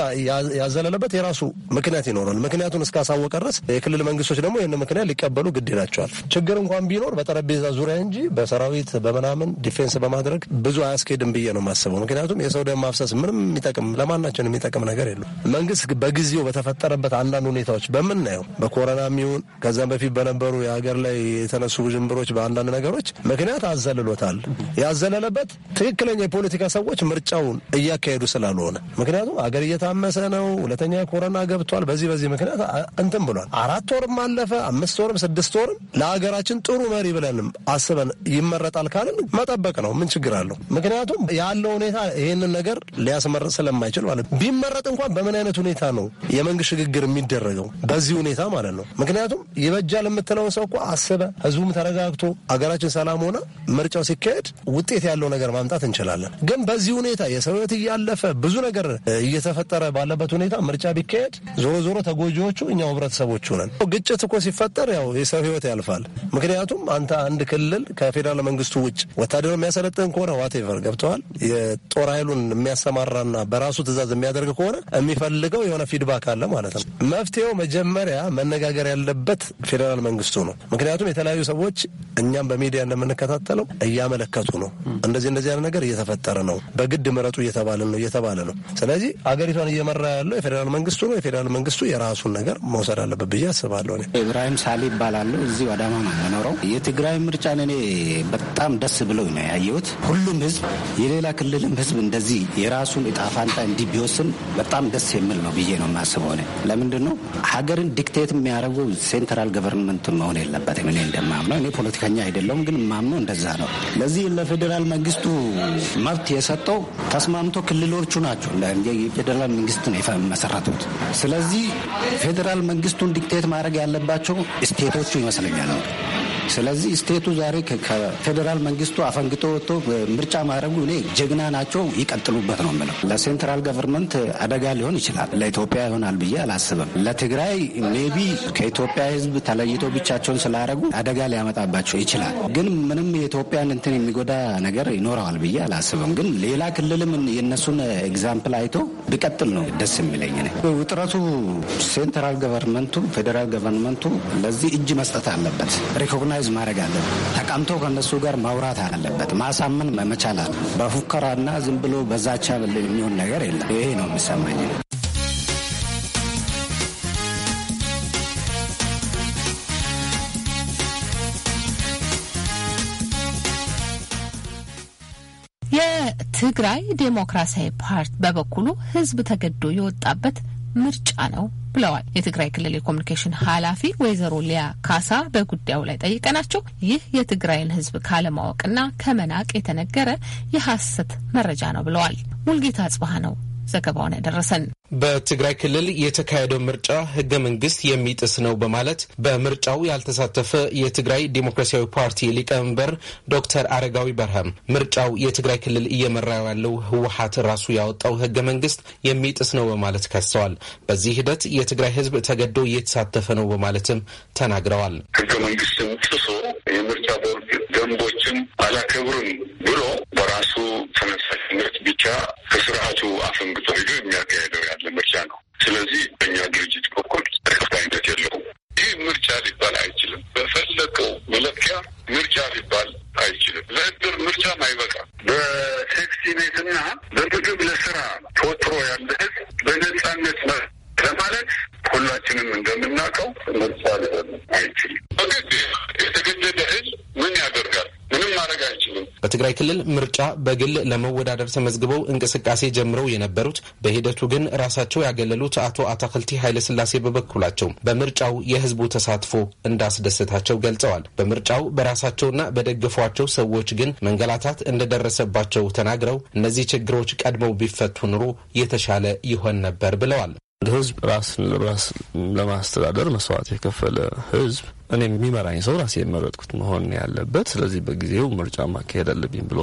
ያዘለለበት የራሱ ምክንያት ይኖራል። ምክንያቱን እስካሳወቀ ድረስ የክልል መንግስቶች ደግሞ ይህን ምክንያት ሊቀበሉ ግድ ይላቸዋል። ችግር እንኳን ቢኖር በጠረጴዛ ዙሪያ እንጂ በሰራዊት በምናምን ዲፌንስ በማድረግ ብዙ አያስኬድም ብዬ ነው የማስበው። ምክንያቱም የሰው ደም ማፍሰስ ምንም የሚጠቅም ለማናችን የሚጠቅም ነገር የለም። መንግስት በጊዜው በተፈጠረበት አንዳንድ ሁኔታዎች በምናየው በኮረና የሚሆን ከዛም በፊት በነበሩ የሀገር ላይ የተነሱ ውዥንብሮች በአንዳንድ ነገሮች ሰዎች ምክንያት አዘልሎታል። ያዘለለበት ትክክለኛ የፖለቲካ ሰዎች ምርጫውን እያካሄዱ ስላልሆነ፣ ምክንያቱም አገር እየታመሰ ነው። ሁለተኛ ኮረና ገብቷል። በዚህ በዚህ ምክንያት እንትን ብሏል። አራት ወርም አለፈ፣ አምስት ወርም ስድስት ወርም ለሀገራችን ጥሩ መሪ ብለንም አስበን ይመረጣል ካልን መጠበቅ ነው። ምን ችግር አለው? ምክንያቱም ያለው ሁኔታ ይህንን ነገር ሊያስመረጥ ስለማይችል ማለት ነው። ቢመረጥ እንኳን በምን አይነት ሁኔታ ነው የመንግስት ሽግግር የሚደረገው? በዚህ ሁኔታ ማለት ነው። ምክንያቱም ይበጃል የምትለውን ሰው እኮ አስበ ህዝቡም ተረጋግቶ አገራችን ሀገራችን ሰላም ሆነ ምርጫው ሲካሄድ ውጤት ያለው ነገር ማምጣት እንችላለን። ግን በዚህ ሁኔታ የሰው ሕይወት እያለፈ ብዙ ነገር እየተፈጠረ ባለበት ሁኔታ ምርጫ ቢካሄድ ዞሮ ዞሮ ተጎጂዎቹ እኛው ህብረተሰቦቹ ነን። ግጭት እኮ ሲፈጠር ያው የሰው ህይወት ያልፋል። ምክንያቱም አንተ አንድ ክልል ከፌዴራል መንግስቱ ውጭ ወታደሩ የሚያሰለጥን ከሆነ ዋቴቨር ገብተዋል የጦር ኃይሉን የሚያሰማራና በራሱ ትእዛዝ የሚያደርግ ከሆነ የሚፈልገው የሆነ ፊድባክ አለ ማለት ነው። መፍትሄው መጀመሪያ መነጋገር ያለበት ፌዴራል መንግስቱ ነው። ምክንያቱም የተለያዩ ሰዎች እኛም በሚዲ ሚዲያ እንደምንከታተለው እያመለከቱ ነው። እንደዚህ እንደዚህ ያለ ነገር እየተፈጠረ ነው። በግድ ምረጡ እየተባለ ነው እየተባለ ነው። ስለዚህ አገሪቷን እየመራ ያለው የፌዴራል መንግስቱ ነው። የፌዴራል መንግስቱ የራሱን ነገር መውሰድ አለበት ብዬ አስባለሁ። ኢብራሂም ሳሊ ይባላሉ። እዚህ አዳማ ነው የምኖረው። የትግራይ ምርጫን እኔ በጣም ደስ ብለው ነው ያየሁት። ሁሉም ህዝብ የሌላ ክልልም ህዝብ እንደዚህ የራሱን እጣ ፋንታ እንዲህ ቢወስን በጣም ደስ የሚል ነው ብዬ ነው የማስበው። እኔ ለምንድን ነው ሀገርን ዲክቴት የሚያደርጉ ሴንትራል ገቨርንመንት መሆን የለበትም። እኔ እንደማምነው እኔ ፖለቲከኛ አይደለም ግን ማምነው እንደዛ ነው። ለዚህ ለፌዴራል መንግስቱ መብት የሰጠው ተስማምቶ ክልሎቹ ናቸው። የፌዴራል መንግስት ነው የመሰረቱት። ስለዚህ ፌዴራል መንግስቱን ዲክቴት ማድረግ ያለባቸው ስቴቶቹ ይመስለኛል ነው ስለዚህ ስቴቱ ዛሬ ከፌዴራል መንግስቱ አፈንግጦ ወጥቶ ምርጫ ማድረጉ እኔ ጀግና ናቸው ይቀጥሉበት ነው የምለው። ለሴንትራል ገቨርንመንት አደጋ ሊሆን ይችላል፣ ለኢትዮጵያ ይሆናል ብዬ አላስብም። ለትግራይ ሜቢ ከኢትዮጵያ ህዝብ ተለይቶ ብቻቸውን ስላደረጉ አደጋ ሊያመጣባቸው ይችላል። ግን ምንም የኢትዮጵያን እንትን የሚጎዳ ነገር ይኖረዋል ብዬ አላስብም። ግን ሌላ ክልልም የእነሱን ኤግዛምፕል አይቶ ቢቀጥል ነው ደስ የሚለኝ። ውጥረቱ ሴንትራል ገቨርንመንቱ ፌዴራል ገቨርንመንቱ ለዚህ እጅ መስጠት አለበት። ኦርጋናይዝ ማድረግ አለብን። ተቀምጦ ከነሱ ጋር ማውራት አለበት፣ ማሳመን መቻል አለ። በፉከራና ዝም ብሎ በዛቻ የሚሆን ነገር የለም። ይሄ ነው የሚሰማኝ። የትግራይ ዴሞክራሲያዊ ፓርቲ በበኩሉ ህዝብ ተገዶ የወጣበት ምርጫ ነው ብለዋል። የትግራይ ክልል የኮሚኒኬሽን ኃላፊ ወይዘሮ ሊያ ካሳ በጉዳዩ ላይ ጠይቀናቸው ይህ የትግራይን ሕዝብ ካለማወቅና ከመናቅ የተነገረ የሐሰት መረጃ ነው ብለዋል። ሙልጌታ ጽባህ ነው ዘገባውን ያደረሰን። በትግራይ ክልል የተካሄደው ምርጫ ህገ መንግስት የሚጥስ ነው በማለት በምርጫው ያልተሳተፈ የትግራይ ዴሞክራሲያዊ ፓርቲ ሊቀመንበር ዶክተር አረጋዊ በርሃም ምርጫው የትግራይ ክልል እየመራ ያለው ህወሀት ራሱ ያወጣው ህገ መንግስት የሚጥስ ነው በማለት ከሰዋል። በዚህ ሂደት የትግራይ ህዝብ ተገዶ እየተሳተፈ ነው በማለትም ተናግረዋል። ህገ መንግስት ከስርዓቱ አፈንግጦ ሄዶ የሚያካሄደው ያለ ምርጫ ነው። ስለዚህ በእኛ ድርጅት በኩል ተቀባይነት የለውም። ይህ ምርጫ ሊባል አይችልም። በፈለቀው መለኪያ ምርጫ ሊባል አይችልም። ለእድር ምርጫም አይበቃም። በሴፍቲኔትና በምግብ ለስራ ተወጥሮ ያለ ህዝብ በነጻነት ለማለት ሁላችንም እንደምናውቀው ምርጫ ሊሆን አይችልም። በግድ የተገደደ ህዝብ በትግራይ ክልል ምርጫ በግል ለመወዳደር ተመዝግበው እንቅስቃሴ ጀምረው የነበሩት በሂደቱ ግን ራሳቸው ያገለሉት አቶ አታክልቲ ኃይለስላሴ በበኩላቸው በምርጫው የህዝቡ ተሳትፎ እንዳስደሰታቸው ገልጸዋል። በምርጫው በራሳቸውና በደገፏቸው ሰዎች ግን መንገላታት እንደደረሰባቸው ተናግረው እነዚህ ችግሮች ቀድመው ቢፈቱ ኑሮ የተሻለ ይሆን ነበር ብለዋል። ህዝብ ራስን ራስ ለማስተዳደር መስዋዕት የከፈለ ህዝብ እኔም የሚመራኝ ሰው ራሴ የመረጥኩት መሆን ያለበት። ስለዚህ በጊዜው ምርጫ ማካሄድ አለብኝ ብሎ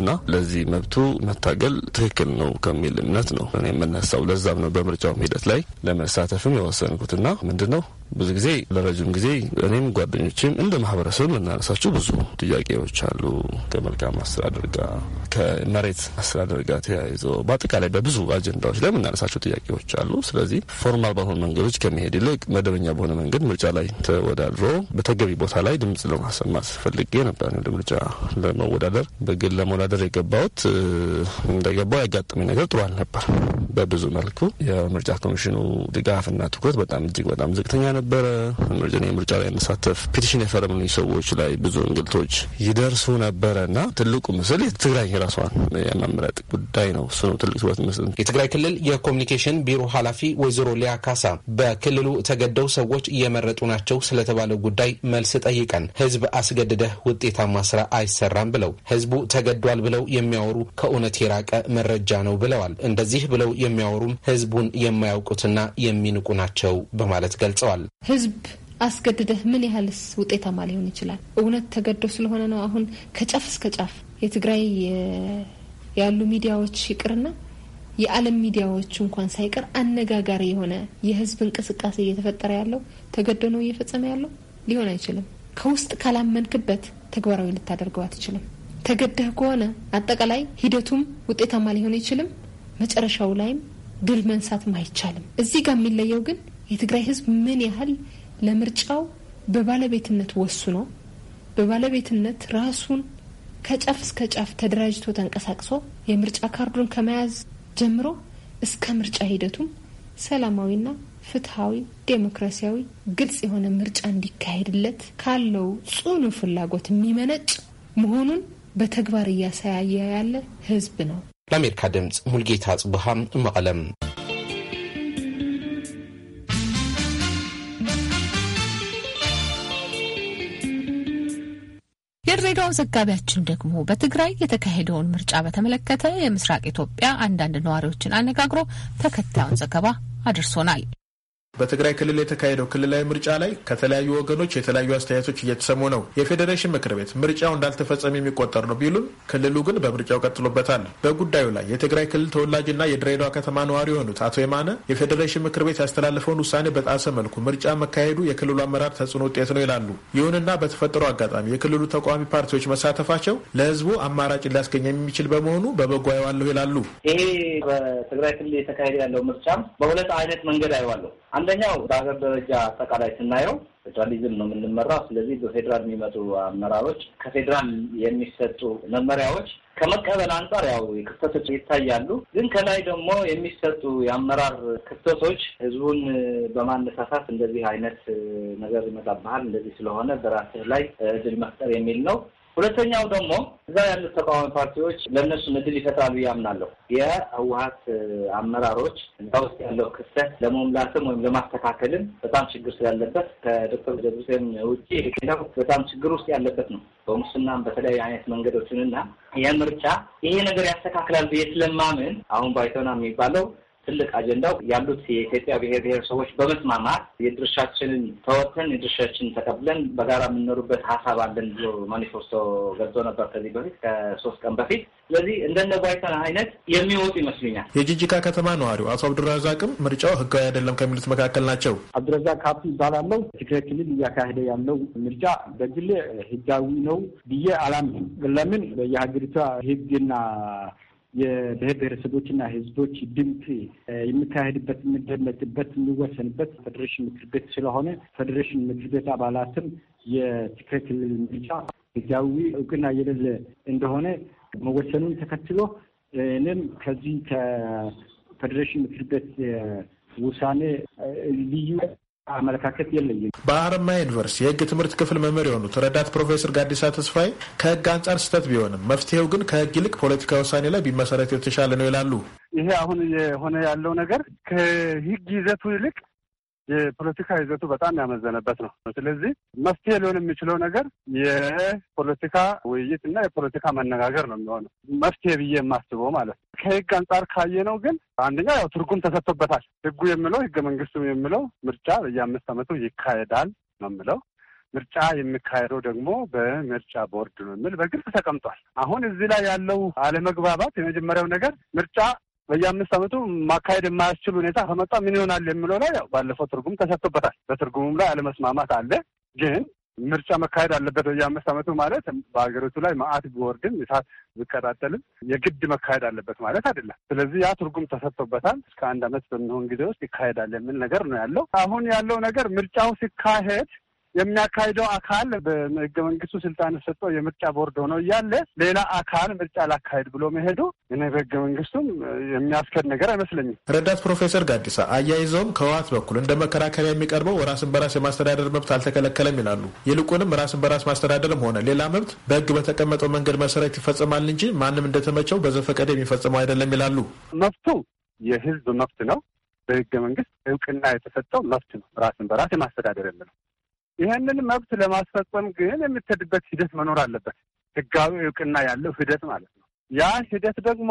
እና ለዚህ መብቱ መታገል ትክክል ነው ከሚል እምነት ነው እኔ የምነሳው። ለዛም ነው በምርጫውም ሂደት ላይ ለመሳተፍም የወሰንኩትና ምንድን ነው ብዙ ጊዜ ለረጅም ጊዜ እኔም ጓደኞችም እንደ ማህበረሰብ የምናነሳቸው ብዙ ጥያቄዎች አሉ። ከመልካም አስተዳደር ጋር፣ ከመሬት አስተዳደር ጋር ተያይዞ በአጠቃላይ በብዙ አጀንዳዎች ላይ የምናነሳቸው ጥያቄዎች አሉ። ስለዚህ ፎርማል ባልሆኑ መንገዶች ከመሄድ ይልቅ መደበኛ በሆነ መንገድ ምርጫ ላይ ተወዳድሮ ተወዳድሮ በተገቢ ቦታ ላይ ድምጽ ለማሰማት ፈልጌ ነበር። ምርጫ ለመወዳደር በግል ለመወዳደር የገባሁት እንደገባው ያጋጠመኝ ነገር ጥሩ አልነበር። በብዙ መልኩ የምርጫ ኮሚሽኑ ድጋፍና ትኩረት በጣም እጅግ በጣም ዝቅተኛ ነበረ። ምርጫ ላይ መሳተፍ ፔቲሽን የፈረሙ ሰዎች ላይ ብዙ እንግልቶች ይደርሱ ነበረ እና ትልቁ ምስል የትግራይ የራሷን የመምረጥ ጉዳይ ነው። እሱ ነው ትልቅ ትኩረት ምስል። የትግራይ ክልል የኮሚኒኬሽን ቢሮ ኃላፊ ወይዘሮ ሊያ ካሳ በክልሉ ተገደው ሰዎች እየመረጡ ናቸው ስለተባ ባለው ጉዳይ መልስ ጠይቀን ህዝብ አስገድደህ ውጤታማ ስራ አይሰራም ብለው ህዝቡ ተገዷል ብለው የሚያወሩ ከእውነት የራቀ መረጃ ነው ብለዋል። እንደዚህ ብለው የሚያወሩም ህዝቡን የማያውቁትና የሚንቁ ናቸው በማለት ገልጸዋል። ህዝብ አስገድደህ ምን ያህልስ ውጤታማ ሊሆን ይችላል? እውነት ተገዶ ስለሆነ ነው። አሁን ከጫፍ እስከ ጫፍ የትግራይ ያሉ ሚዲያዎች ይቅርና የዓለም ሚዲያዎች እንኳን ሳይቀር አነጋጋሪ የሆነ የህዝብ እንቅስቃሴ እየተፈጠረ ያለው ተገዶ ነው እየፈጸመ ያለው ሊሆን አይችልም። ከውስጥ ካላመንክበት ተግባራዊ ልታደርገው አትችልም። ተገደህ ከሆነ አጠቃላይ ሂደቱም ውጤታማ ሊሆን አይችልም። መጨረሻው ላይም ድል መንሳትም አይቻልም። እዚህ ጋር የሚለየው ግን የትግራይ ህዝብ ምን ያህል ለምርጫው በባለቤትነት ወስኖ በባለቤትነት ራሱን ከጫፍ እስከ ጫፍ ተደራጅቶ ተንቀሳቅሶ የምርጫ ካርዱን ከመያዝ ጀምሮ እስከ ምርጫ ሂደቱም ሰላማዊና ፍትሐዊ፣ ዴሞክራሲያዊ፣ ግልጽ የሆነ ምርጫ እንዲካሄድለት ካለው ጽኑ ፍላጎት የሚመነጭ መሆኑን በተግባር እያሳያየ ያለ ህዝብ ነው። ለአሜሪካ ድምፅ ሙልጌታ ጽቡሃም መቀለም የድሬዳዋ ዘጋቢያችን ደግሞ በትግራይ የተካሄደውን ምርጫ በተመለከተ የምስራቅ ኢትዮጵያ አንዳንድ ነዋሪዎችን አነጋግሮ ተከታዩን ዘገባ አድርሶናል። በትግራይ ክልል የተካሄደው ክልላዊ ምርጫ ላይ ከተለያዩ ወገኖች የተለያዩ አስተያየቶች እየተሰሙ ነው። የፌዴሬሽን ምክር ቤት ምርጫው እንዳልተፈጸመ የሚቆጠር ነው ቢሉም ክልሉ ግን በምርጫው ቀጥሎበታል። በጉዳዩ ላይ የትግራይ ክልል ተወላጅና የድሬዳዋ ከተማ ነዋሪ የሆኑት አቶ የማነ የፌዴሬሽን ምክር ቤት ያስተላለፈውን ውሳኔ በጣሰ መልኩ ምርጫ መካሄዱ የክልሉ አመራር ተጽዕኖ ውጤት ነው ይላሉ። ይሁንና በተፈጠረው አጋጣሚ የክልሉ ተቃዋሚ ፓርቲዎች መሳተፋቸው ለህዝቡ አማራጭ ሊያስገኝ የሚችል በመሆኑ በበጎ አይዋለሁ ይላሉ። ይሄ በትግራይ ክልል የተካሄደ ያለው ምርጫም በሁለት አይነት መንገድ አይዋለሁ አንደኛው በሀገር ደረጃ አጠቃላይ ስናየው ፌዴራሊዝም ነው የምንመራው። ስለዚህ በፌዴራል የሚመጡ አመራሮች ከፌዴራል የሚሰጡ መመሪያዎች ከመቀበል አንጻር ያው ክፍተቶች ይታያሉ። ግን ከላይ ደግሞ የሚሰጡ የአመራር ክፍተቶች ህዝቡን በማነሳሳት እንደዚህ አይነት ነገር ይመጣብሃል፣ እንደዚህ ስለሆነ በራስህ ላይ እድል መፍጠር የሚል ነው። ሁለተኛው ደግሞ እዛ ያሉት ተቃዋሚ ፓርቲዎች ለእነሱ እድል ይፈጥራሉ ያምናለሁ። የህወሀት አመራሮች እዛ ውስጥ ያለው ክፍተት ለመሙላትም ወይም ለማስተካከልም በጣም ችግር ስላለበት ከዶክተር ደብረጽዮን ውጭ ሌላው በጣም ችግር ውስጥ ያለበት ነው። በሙስናም በተለያዩ አይነት መንገዶችንና የምርጫ ይሄ ነገር ያስተካክላል ብዬ ስለማምን አሁን ባይቶና የሚባለው ትልቅ አጀንዳው ያሉት የኢትዮጵያ ብሔር ብሔረሰቦች በመስማማት የድርሻችንን ተወጥተን የድርሻችንን ተቀብለን በጋራ የምንኖሩበት ሀሳብ አለን ብሎ ማኒፌስቶ ገልጾ ነበር ከዚህ በፊት ከሶስት ቀን በፊት። ስለዚህ እንደነ ጓይተን አይነት የሚወጡ ይመስለኛል። የጂጂካ ከተማ ነዋሪው አቶ አብዱራዛቅም ምርጫው ህጋዊ አይደለም ከሚሉት መካከል ናቸው። አብዱረዛቅ ሀብቱ ይባላለው። ትግራይ ክልል እያካሄደ ያለው ምርጫ በግሌ ህጋዊ ነው ብዬ አላምንም። ለምን በየሀገሪቷ ህግና የብሔር ብሔረሰቦችና ህዝቦች ድምፅ የሚካሄድበት፣ የሚደመጥበት፣ የሚወሰንበት ፌዴሬሽን ምክር ቤት ስለሆነ ፌዴሬሽን ምክር ቤት አባላትም የትግራይ ክልል ምርጫ ህጋዊ እውቅና የሌለ እንደሆነ መወሰኑን ተከትሎ እኔም ከዚህ ከፌዴሬሽን ምክር ቤት ውሳኔ ልዩ አመለካከት የለኝም። በሀረማያ ዩኒቨርሲቲ የህግ ትምህርት ክፍል መምህር የሆኑት ረዳት ፕሮፌሰር ጋዲሳ ተስፋዬ ከህግ አንጻር ስህተት ቢሆንም መፍትሄው ግን ከህግ ይልቅ ፖለቲካ ውሳኔ ላይ ቢመሰረት የተሻለ ነው ይላሉ። ይሄ አሁን የሆነ ያለው ነገር ከህግ ይዘቱ ይልቅ የፖለቲካ ይዘቱ በጣም ያመዘነበት ነው። ስለዚህ መፍትሄ ሊሆን የሚችለው ነገር የፖለቲካ ውይይት እና የፖለቲካ መነጋገር ነው የሚሆነው መፍትሄ ብዬ የማስበው ማለት ነው። ከህግ አንጻር ካየ ነው ግን አንደኛ ያው ትርጉም ተሰጥቶበታል። ህጉ የምለው ህገ መንግስቱም የሚለው ምርጫ በየአምስት ዓመቱ ይካሄዳል ነው የምለው። ምርጫ የሚካሄደው ደግሞ በምርጫ ቦርድ ነው የሚል በግልጽ ተቀምጧል። አሁን እዚህ ላይ ያለው አለመግባባት የመጀመሪያው ነገር ምርጫ በየአምስት ዓመቱ ማካሄድ የማያስችል ሁኔታ ከመጣ ምን ይሆናል የሚለው ላይ ያው ባለፈው ትርጉም ተሰጥቶበታል። በትርጉሙም ላይ አለመስማማት አለ። ግን ምርጫ መካሄድ አለበት በየአምስት ዓመቱ ማለት በሀገሪቱ ላይ መዓት ቢወርድም እሳት ቢቀጣጠልም የግድ መካሄድ አለበት ማለት አይደለም። ስለዚህ ያ ትርጉም ተሰጥቶበታል። እስከ አንድ ዓመት በሚሆን ጊዜ ውስጥ ይካሄዳል የሚል ነገር ነው ያለው። አሁን ያለው ነገር ምርጫው ሲካሄድ የሚያካሂደው አካል በህገ መንግስቱ ስልጣን የሰጠው የምርጫ ቦርድ ሆኖ እያለ ሌላ አካል ምርጫ ላካሄድ ብሎ መሄዱ እኔ በህገ መንግስቱም የሚያስከድ ነገር አይመስለኝም። ረዳት ፕሮፌሰር ጋዲሳ አያይዘውም ከህወሓት በኩል እንደ መከራከሪያ የሚቀርበው ራስን በራስ የማስተዳደር መብት አልተከለከለም ይላሉ። ይልቁንም ራስን በራስ ማስተዳደርም ሆነ ሌላ መብት በህግ በተቀመጠው መንገድ መሰረት ይፈጽማል እንጂ ማንም እንደተመቸው በዘፈቀደ የሚፈጽመው አይደለም ይላሉ። መብቱ የህዝብ መብት ነው። በህገ መንግስት እውቅና የተሰጠው መብት ነው። ራስን በራስ የማስተዳደር የምለው ይህንን መብት ለማስፈጸም ግን የምትሄድበት ሂደት መኖር አለበት። ህጋዊ እውቅና ያለው ሂደት ማለት ነው። ያ ሂደት ደግሞ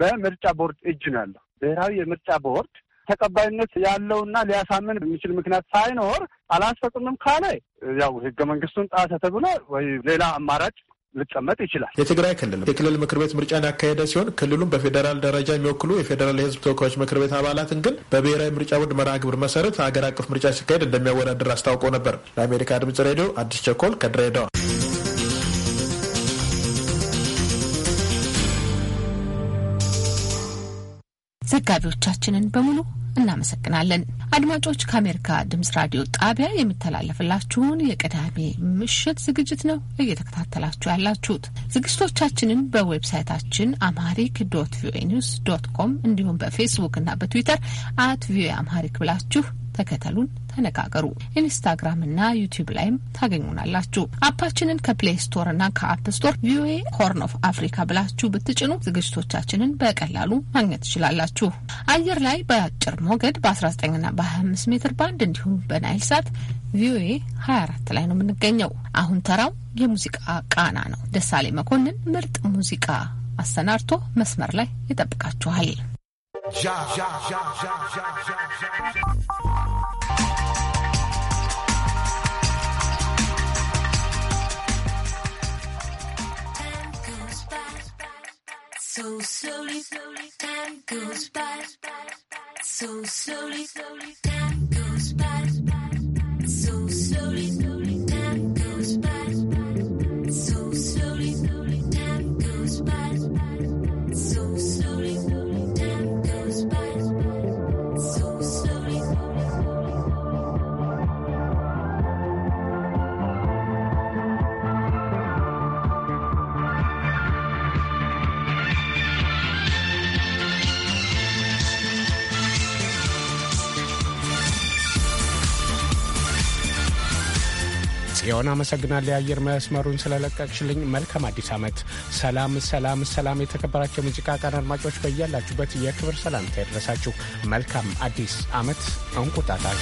በምርጫ ቦርድ እጅ ነው ያለው። ብሔራዊ የምርጫ ቦርድ ተቀባይነት ያለውና ሊያሳምን የሚችል ምክንያት ሳይኖር አላስፈጽምም ካለ ያው ህገ መንግስቱን ጣሰ ተብሎ ወይ ሌላ አማራጭ ሊቀመጥ ይችላል። የትግራይ ክልል የክልል ምክር ቤት ምርጫን ያካሄደ ሲሆን ክልሉን በፌዴራል ደረጃ የሚወክሉ የፌዴራል የሕዝብ ተወካዮች ምክር ቤት አባላትን ግን በብሔራዊ ምርጫ ቦርድ መርሃ ግብር መሰረት ሀገር አቀፍ ምርጫ ሲካሄድ እንደሚያወዳድር አስታውቆ ነበር። ለአሜሪካ ድምጽ ሬዲዮ አዲስ ቸኮል ከድሬዳዋ ዘጋቢዎቻችንን በሙሉ እናመሰግናለን። አድማጮች ከአሜሪካ ድምጽ ራዲዮ ጣቢያ የሚተላለፍላችሁን የቅዳሜ ምሽት ዝግጅት ነው እየተከታተላችሁ ያላችሁት። ዝግጅቶቻችንን በዌብሳይታችን አማሪክ ዶት ቪኦኤ ኒውስ ዶት ኮም እንዲሁም በፌስቡክ እና በትዊተር አት ቪኦኤ አማሪክ ብላችሁ ተከተሉን፣ ተነጋገሩ። ኢንስታግራም እና ዩቲዩብ ላይም ታገኙናላችሁ። አፓችንን ከፕሌይ ስቶር እና ከአፕ ስቶር ቪኦኤ ሆርን ኦፍ አፍሪካ ብላችሁ ብትጭኑ ዝግጅቶቻችንን በቀላሉ ማግኘት ትችላላችሁ። አየር ላይ በአጭር ሞገድ በ19 ና በ25 ሜትር ባንድ እንዲሁም በናይል ሳት ቪኦኤ 24 ላይ ነው የምንገኘው። አሁን ተራው የሙዚቃ ቃና ነው። ደሳሌ መኮንን ምርጥ ሙዚቃ አሰናድቶ መስመር ላይ ይጠብቃችኋል። So slowly, slowly, time goes by. So slowly, slowly. ሌላውን አመሰግናለሁ። የአየር መስመሩን ስለለቀቅሽልኝ። መልካም አዲስ ዓመት። ሰላም፣ ሰላም፣ ሰላም። የተከበራቸው ሙዚቃ ቀን አድማጮች በያላችሁበት የክብር ሰላምታ ይድረሳችሁ። መልካም አዲስ ዓመት እንቁጣጣሽ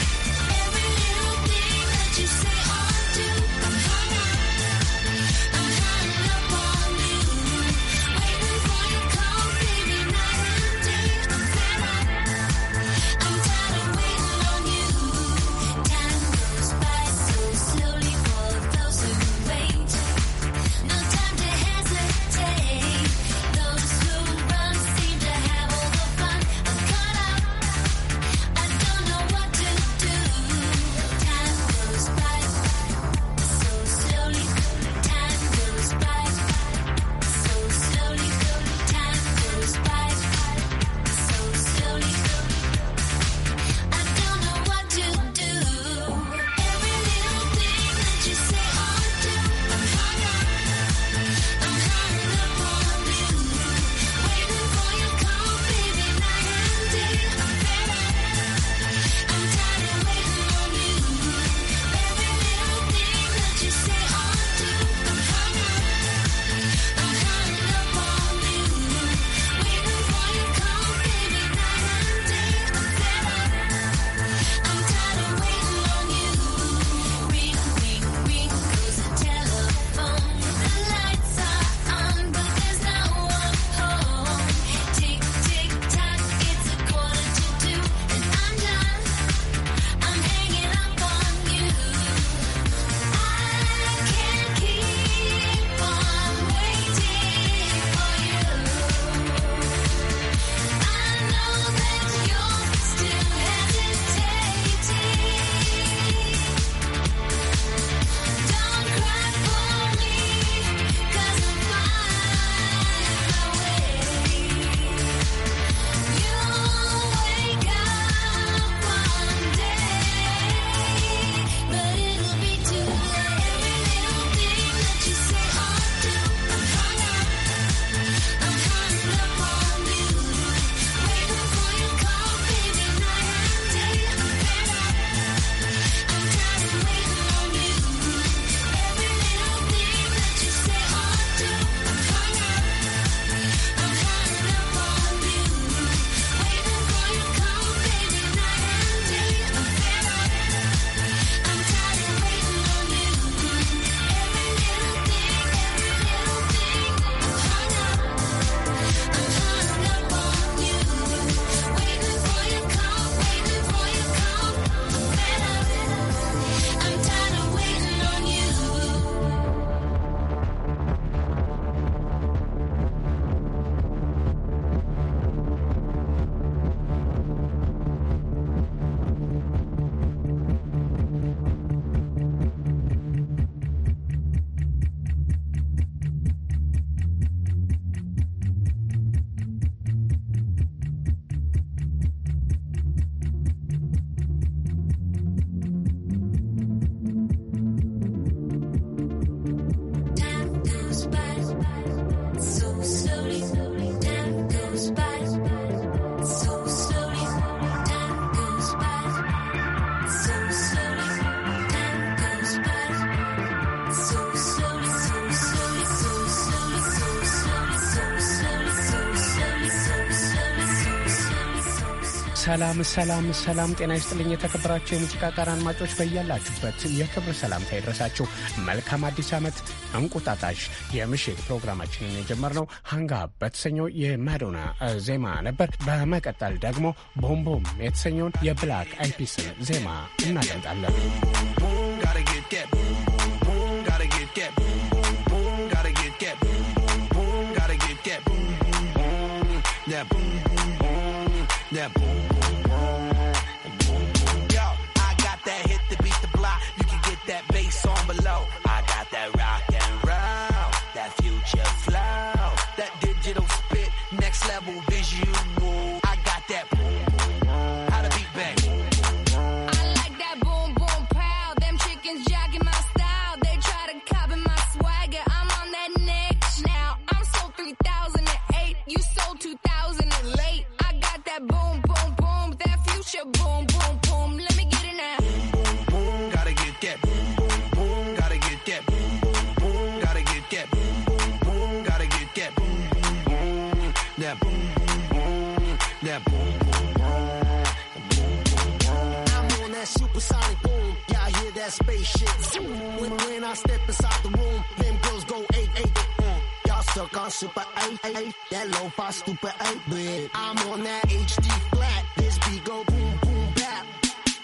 ሰላም ሰላም ሰላም። ጤና ይስጥልኝ የተከበራቸው የሙዚቃ ቃር አድማጮች በያላችሁበት የክብር ሰላምታ ይድረሳችሁ። መልካም አዲስ ዓመት። እንቁጣጣሽ የምሽት ፕሮግራማችንን የጀመርነው ሀንጋ በተሰኘው የማዶና ዜማ ነበር። በመቀጠል ደግሞ ቦምቦም የተሰኘውን የብላክ አይፒስን ዜማ እናደምጣለን። my stupid eight bit. I'm on that HD flat. This beat go boom, boom, bap.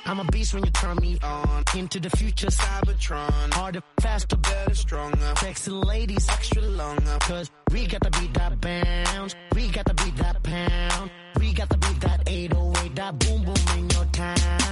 I'm a beast when you turn me on. Into the future, Cybertron. Harder, faster, better, stronger. Sexy ladies extra longer. Cause we got to beat that bounce. We got to beat that pound. We got to beat that 808. That boom, boom in your town.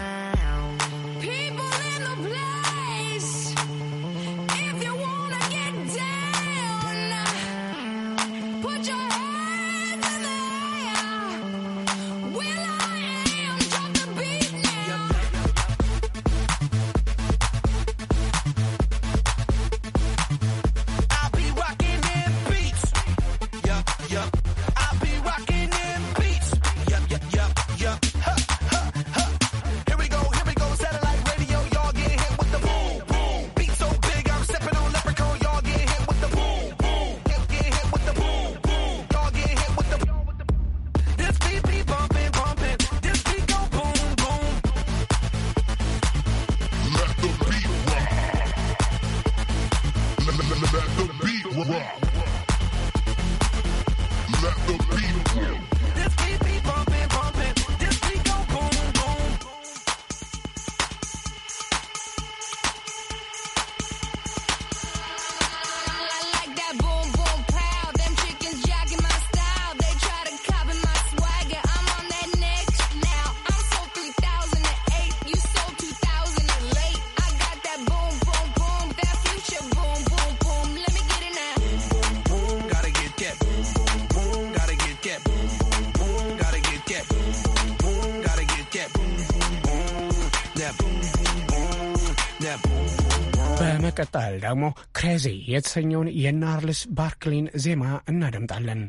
ክሬዚ የተሰኘውን የናርልስ ባርክሊን ዜማ እናደምጣለን።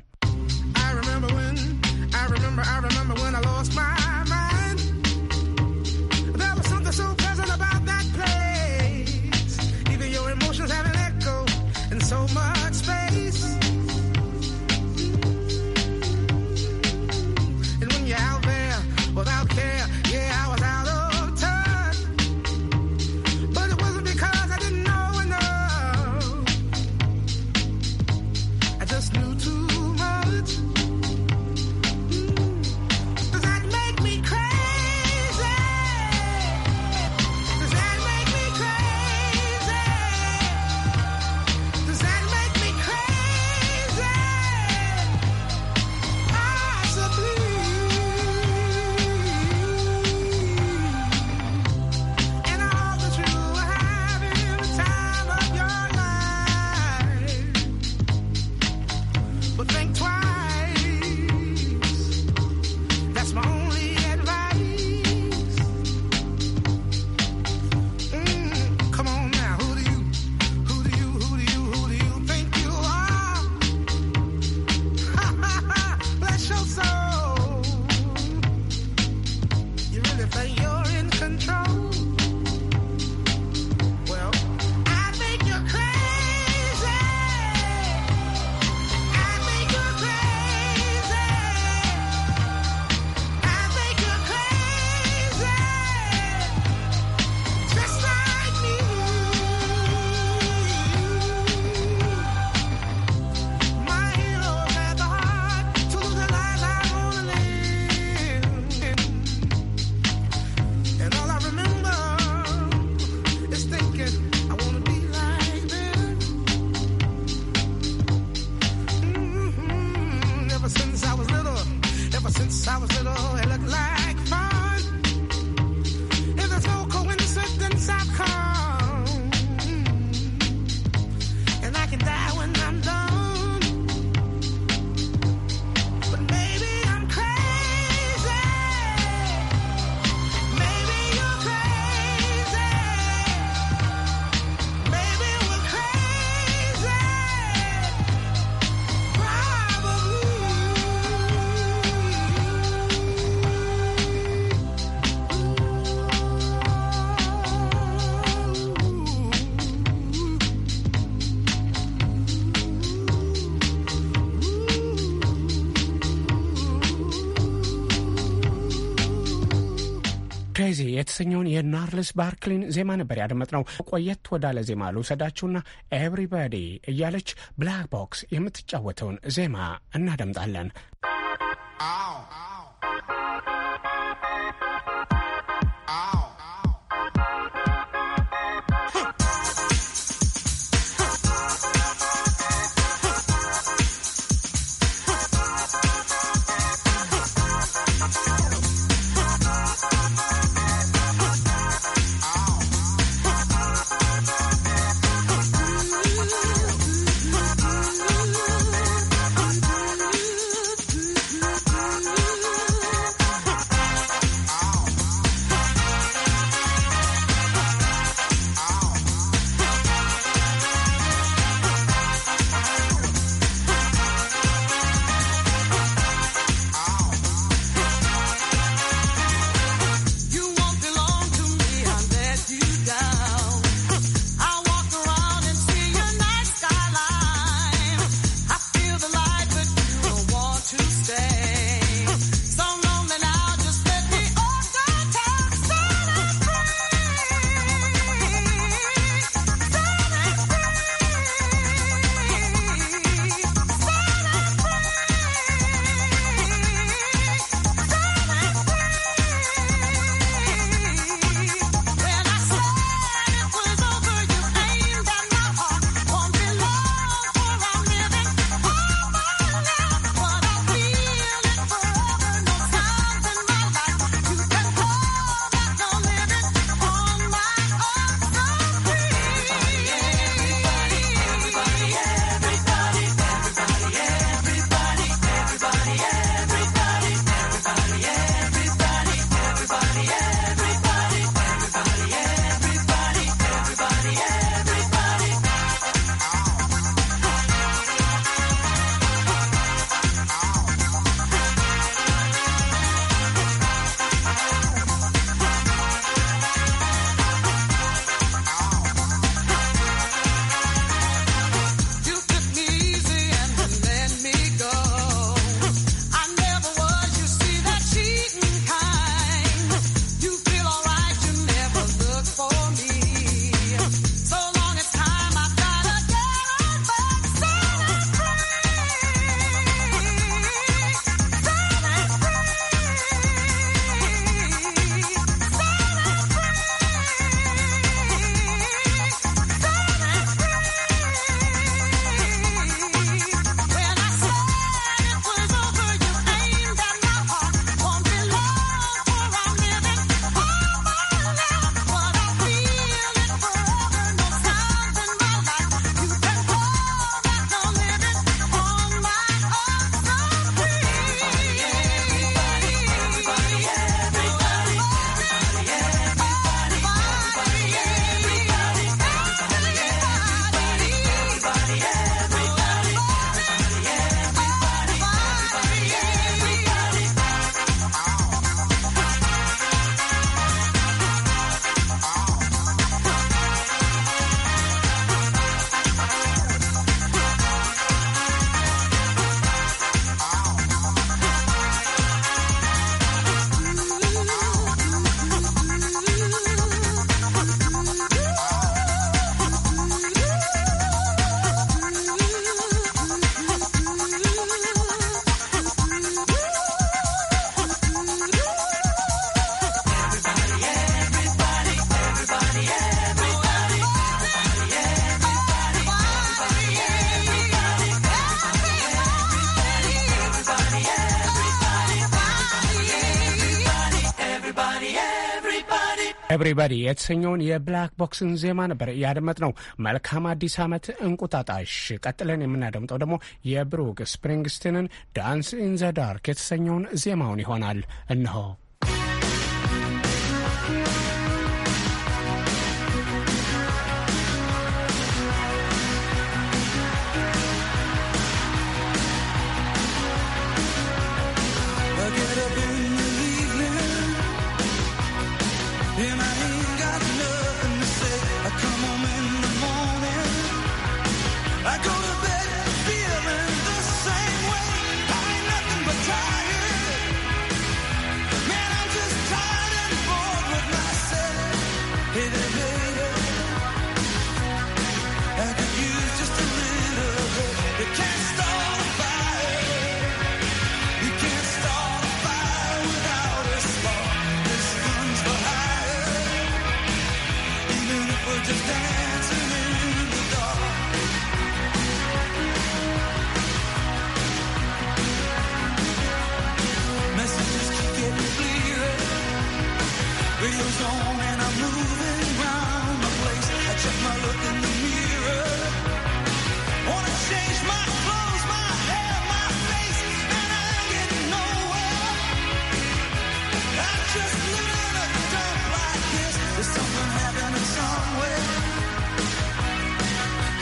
ክሬዚ የተሰኘውን የናርልስ ባርክሊን ዜማ ነበር ያደመጥነው። ቆየት ወዳለ ዜማ ልውሰዳችሁና ኤቭሪባዲ እያለች ብላክ ቦክስ የምትጫወተውን ዜማ እናደምጣለን። ኤቭሪባዲ የተሰኘውን የብላክ ቦክስን ዜማ ነበር ያደመጥ ነው። መልካም አዲስ ዓመት እንቁጣጣሽ። ቀጥለን የምናደምጠው ደግሞ የብሩክ ስፕሪንግስትንን ዳንስ ኢን ዘ ዳርክ የተሰኘውን ዜማውን ይሆናል። እነሆ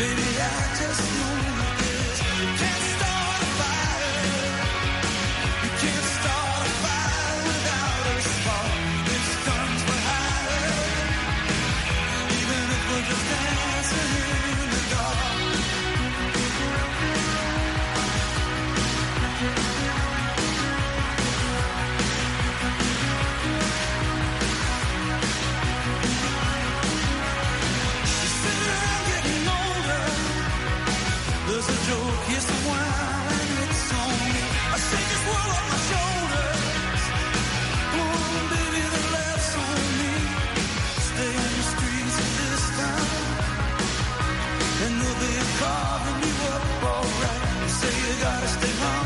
Baby, I just know this. gotta stay home.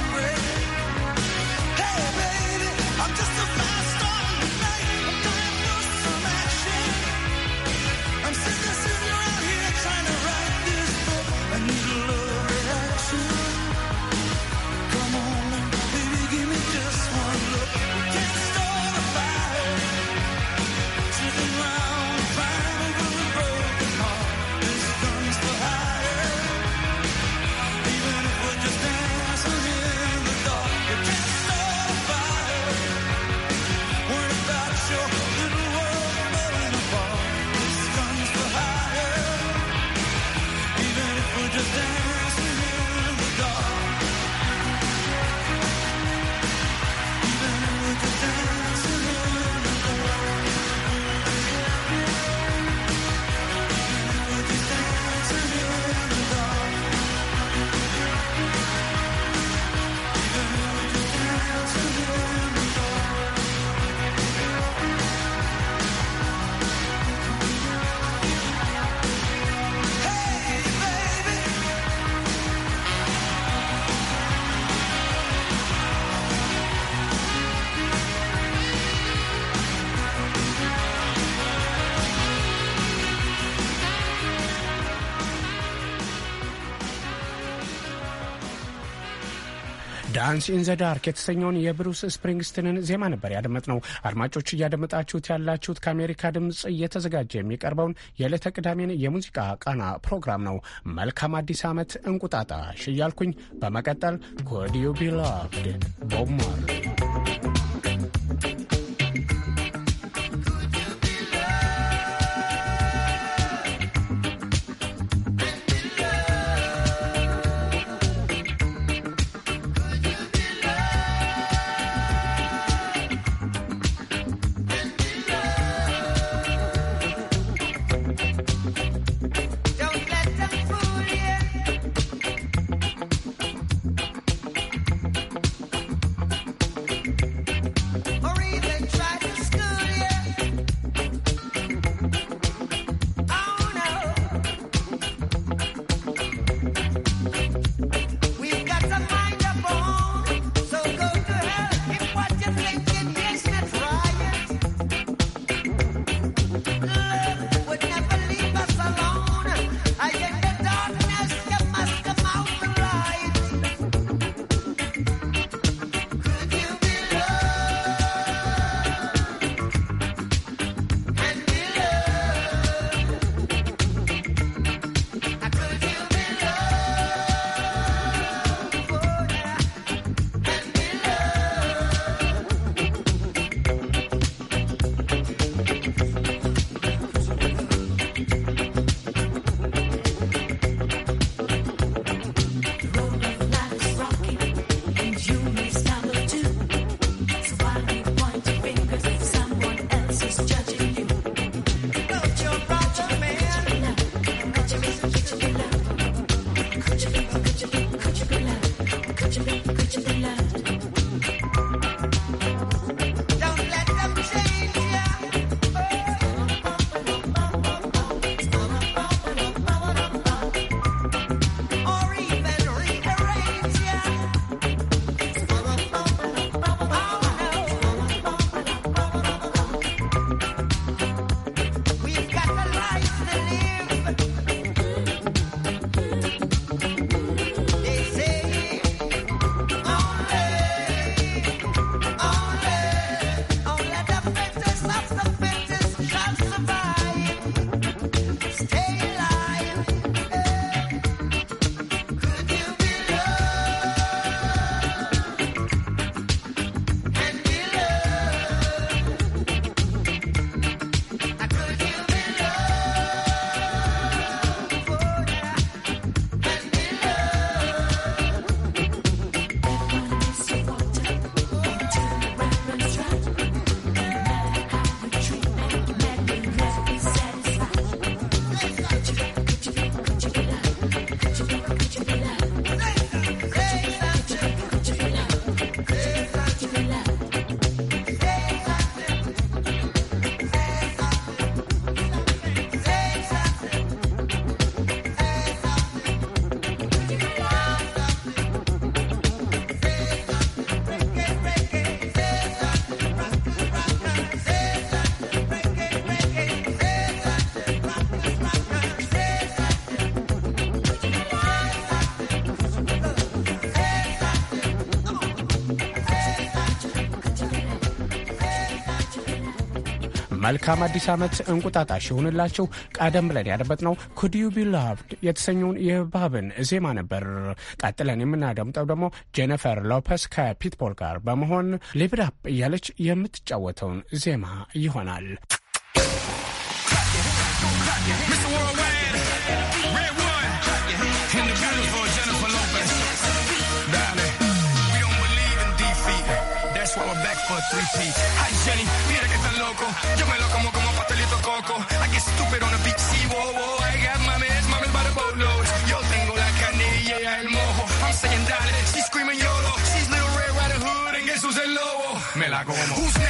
ዳንስ ኢን ዘ ዳርክ የተሰኘውን የብሩስ ስፕሪንግስትንን ዜማ ነበር ያደመጥ ነው። አድማጮች እያደመጣችሁት ያላችሁት ከአሜሪካ ድምፅ እየተዘጋጀ የሚቀርበውን የዕለተ ቅዳሜን የሙዚቃ ቃና ፕሮግራም ነው። መልካም አዲስ ዓመት እንቁጣጣሽ እያልኩኝ በመቀጠል ኮዲዩ ቢላቭድ ቦብ መልካም አዲስ ዓመት እንቁጣጣሽ ይሁንላችሁ። ቀደም ብለን ያደመጥነው ኩድ ዩ ቢ ላቭድ የተሰኘውን የባብን ዜማ ነበር። ቀጥለን የምናደምጠው ደግሞ ጄኒፈር ሎፐስ ከፒትቦል ጋር በመሆን ሊብዳፕ እያለች የምትጫወተውን ዜማ ይሆናል። three feet. Hi, Jenny. Yo me lo como como pastelito coco. I get stupid on a beach, see, whoa, I got mames, mames by the Yo tengo la canilla y el mojo. I'm saying dale, she's screaming YOLO. She's little Red Riding Hood and Jesus el lobo. Me la como.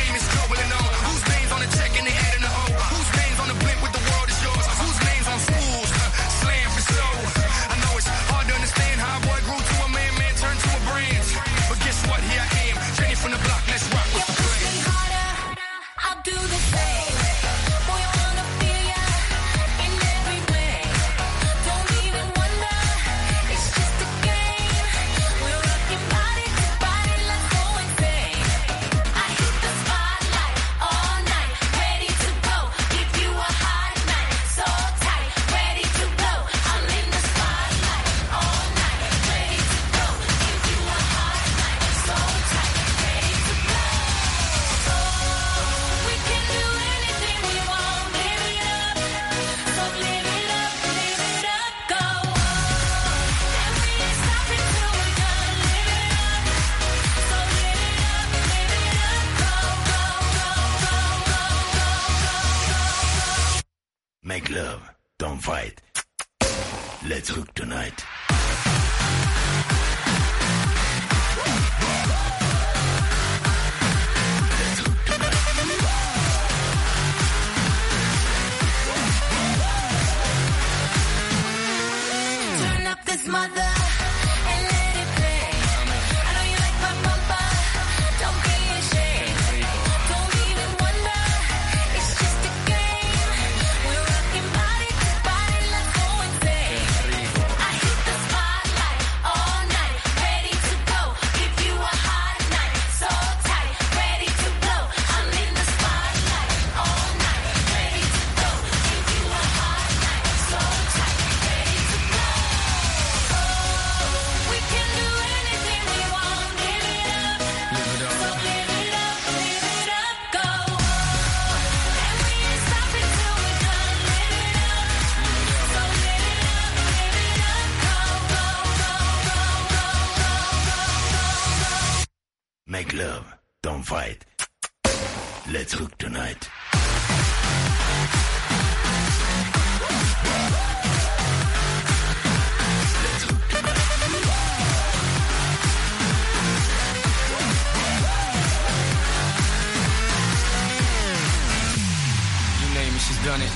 done it.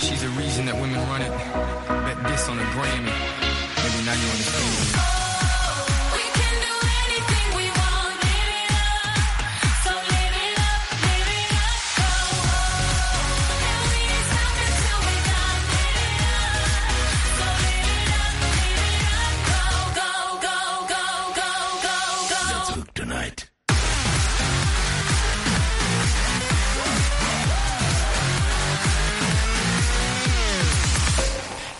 She's the reason that women run it. Bet this on a Grammy. Maybe now you understand.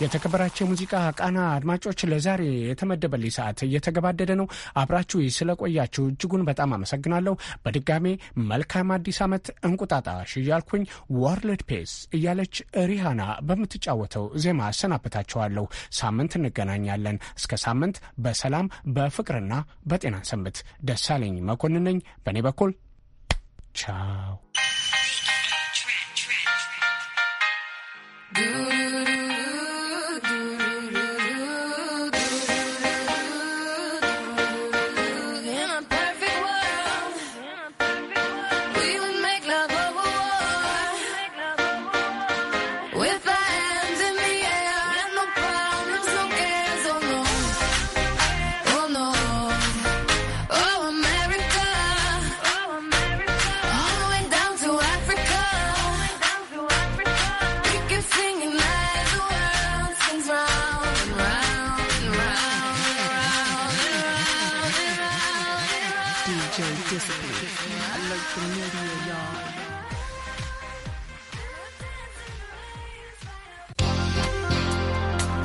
የተከበራቸው የሙዚቃ ቃና አድማጮች ለዛሬ የተመደበልኝ ሰዓት እየተገባደደ ነው። አብራችሁ ስለቆያችሁ እጅጉን በጣም አመሰግናለሁ። በድጋሜ መልካም አዲስ ዓመት እንቁጣጣሽ እያልኩኝ ወርልድ ፔስ እያለች ሪሃና በምትጫወተው ዜማ አሰናበታችኋለሁ። ሳምንት እንገናኛለን። እስከ ሳምንት በሰላም በፍቅርና በጤና ሰንብት። ደሳለኝ መኮንን ነኝ በእኔ በኩል ቻው።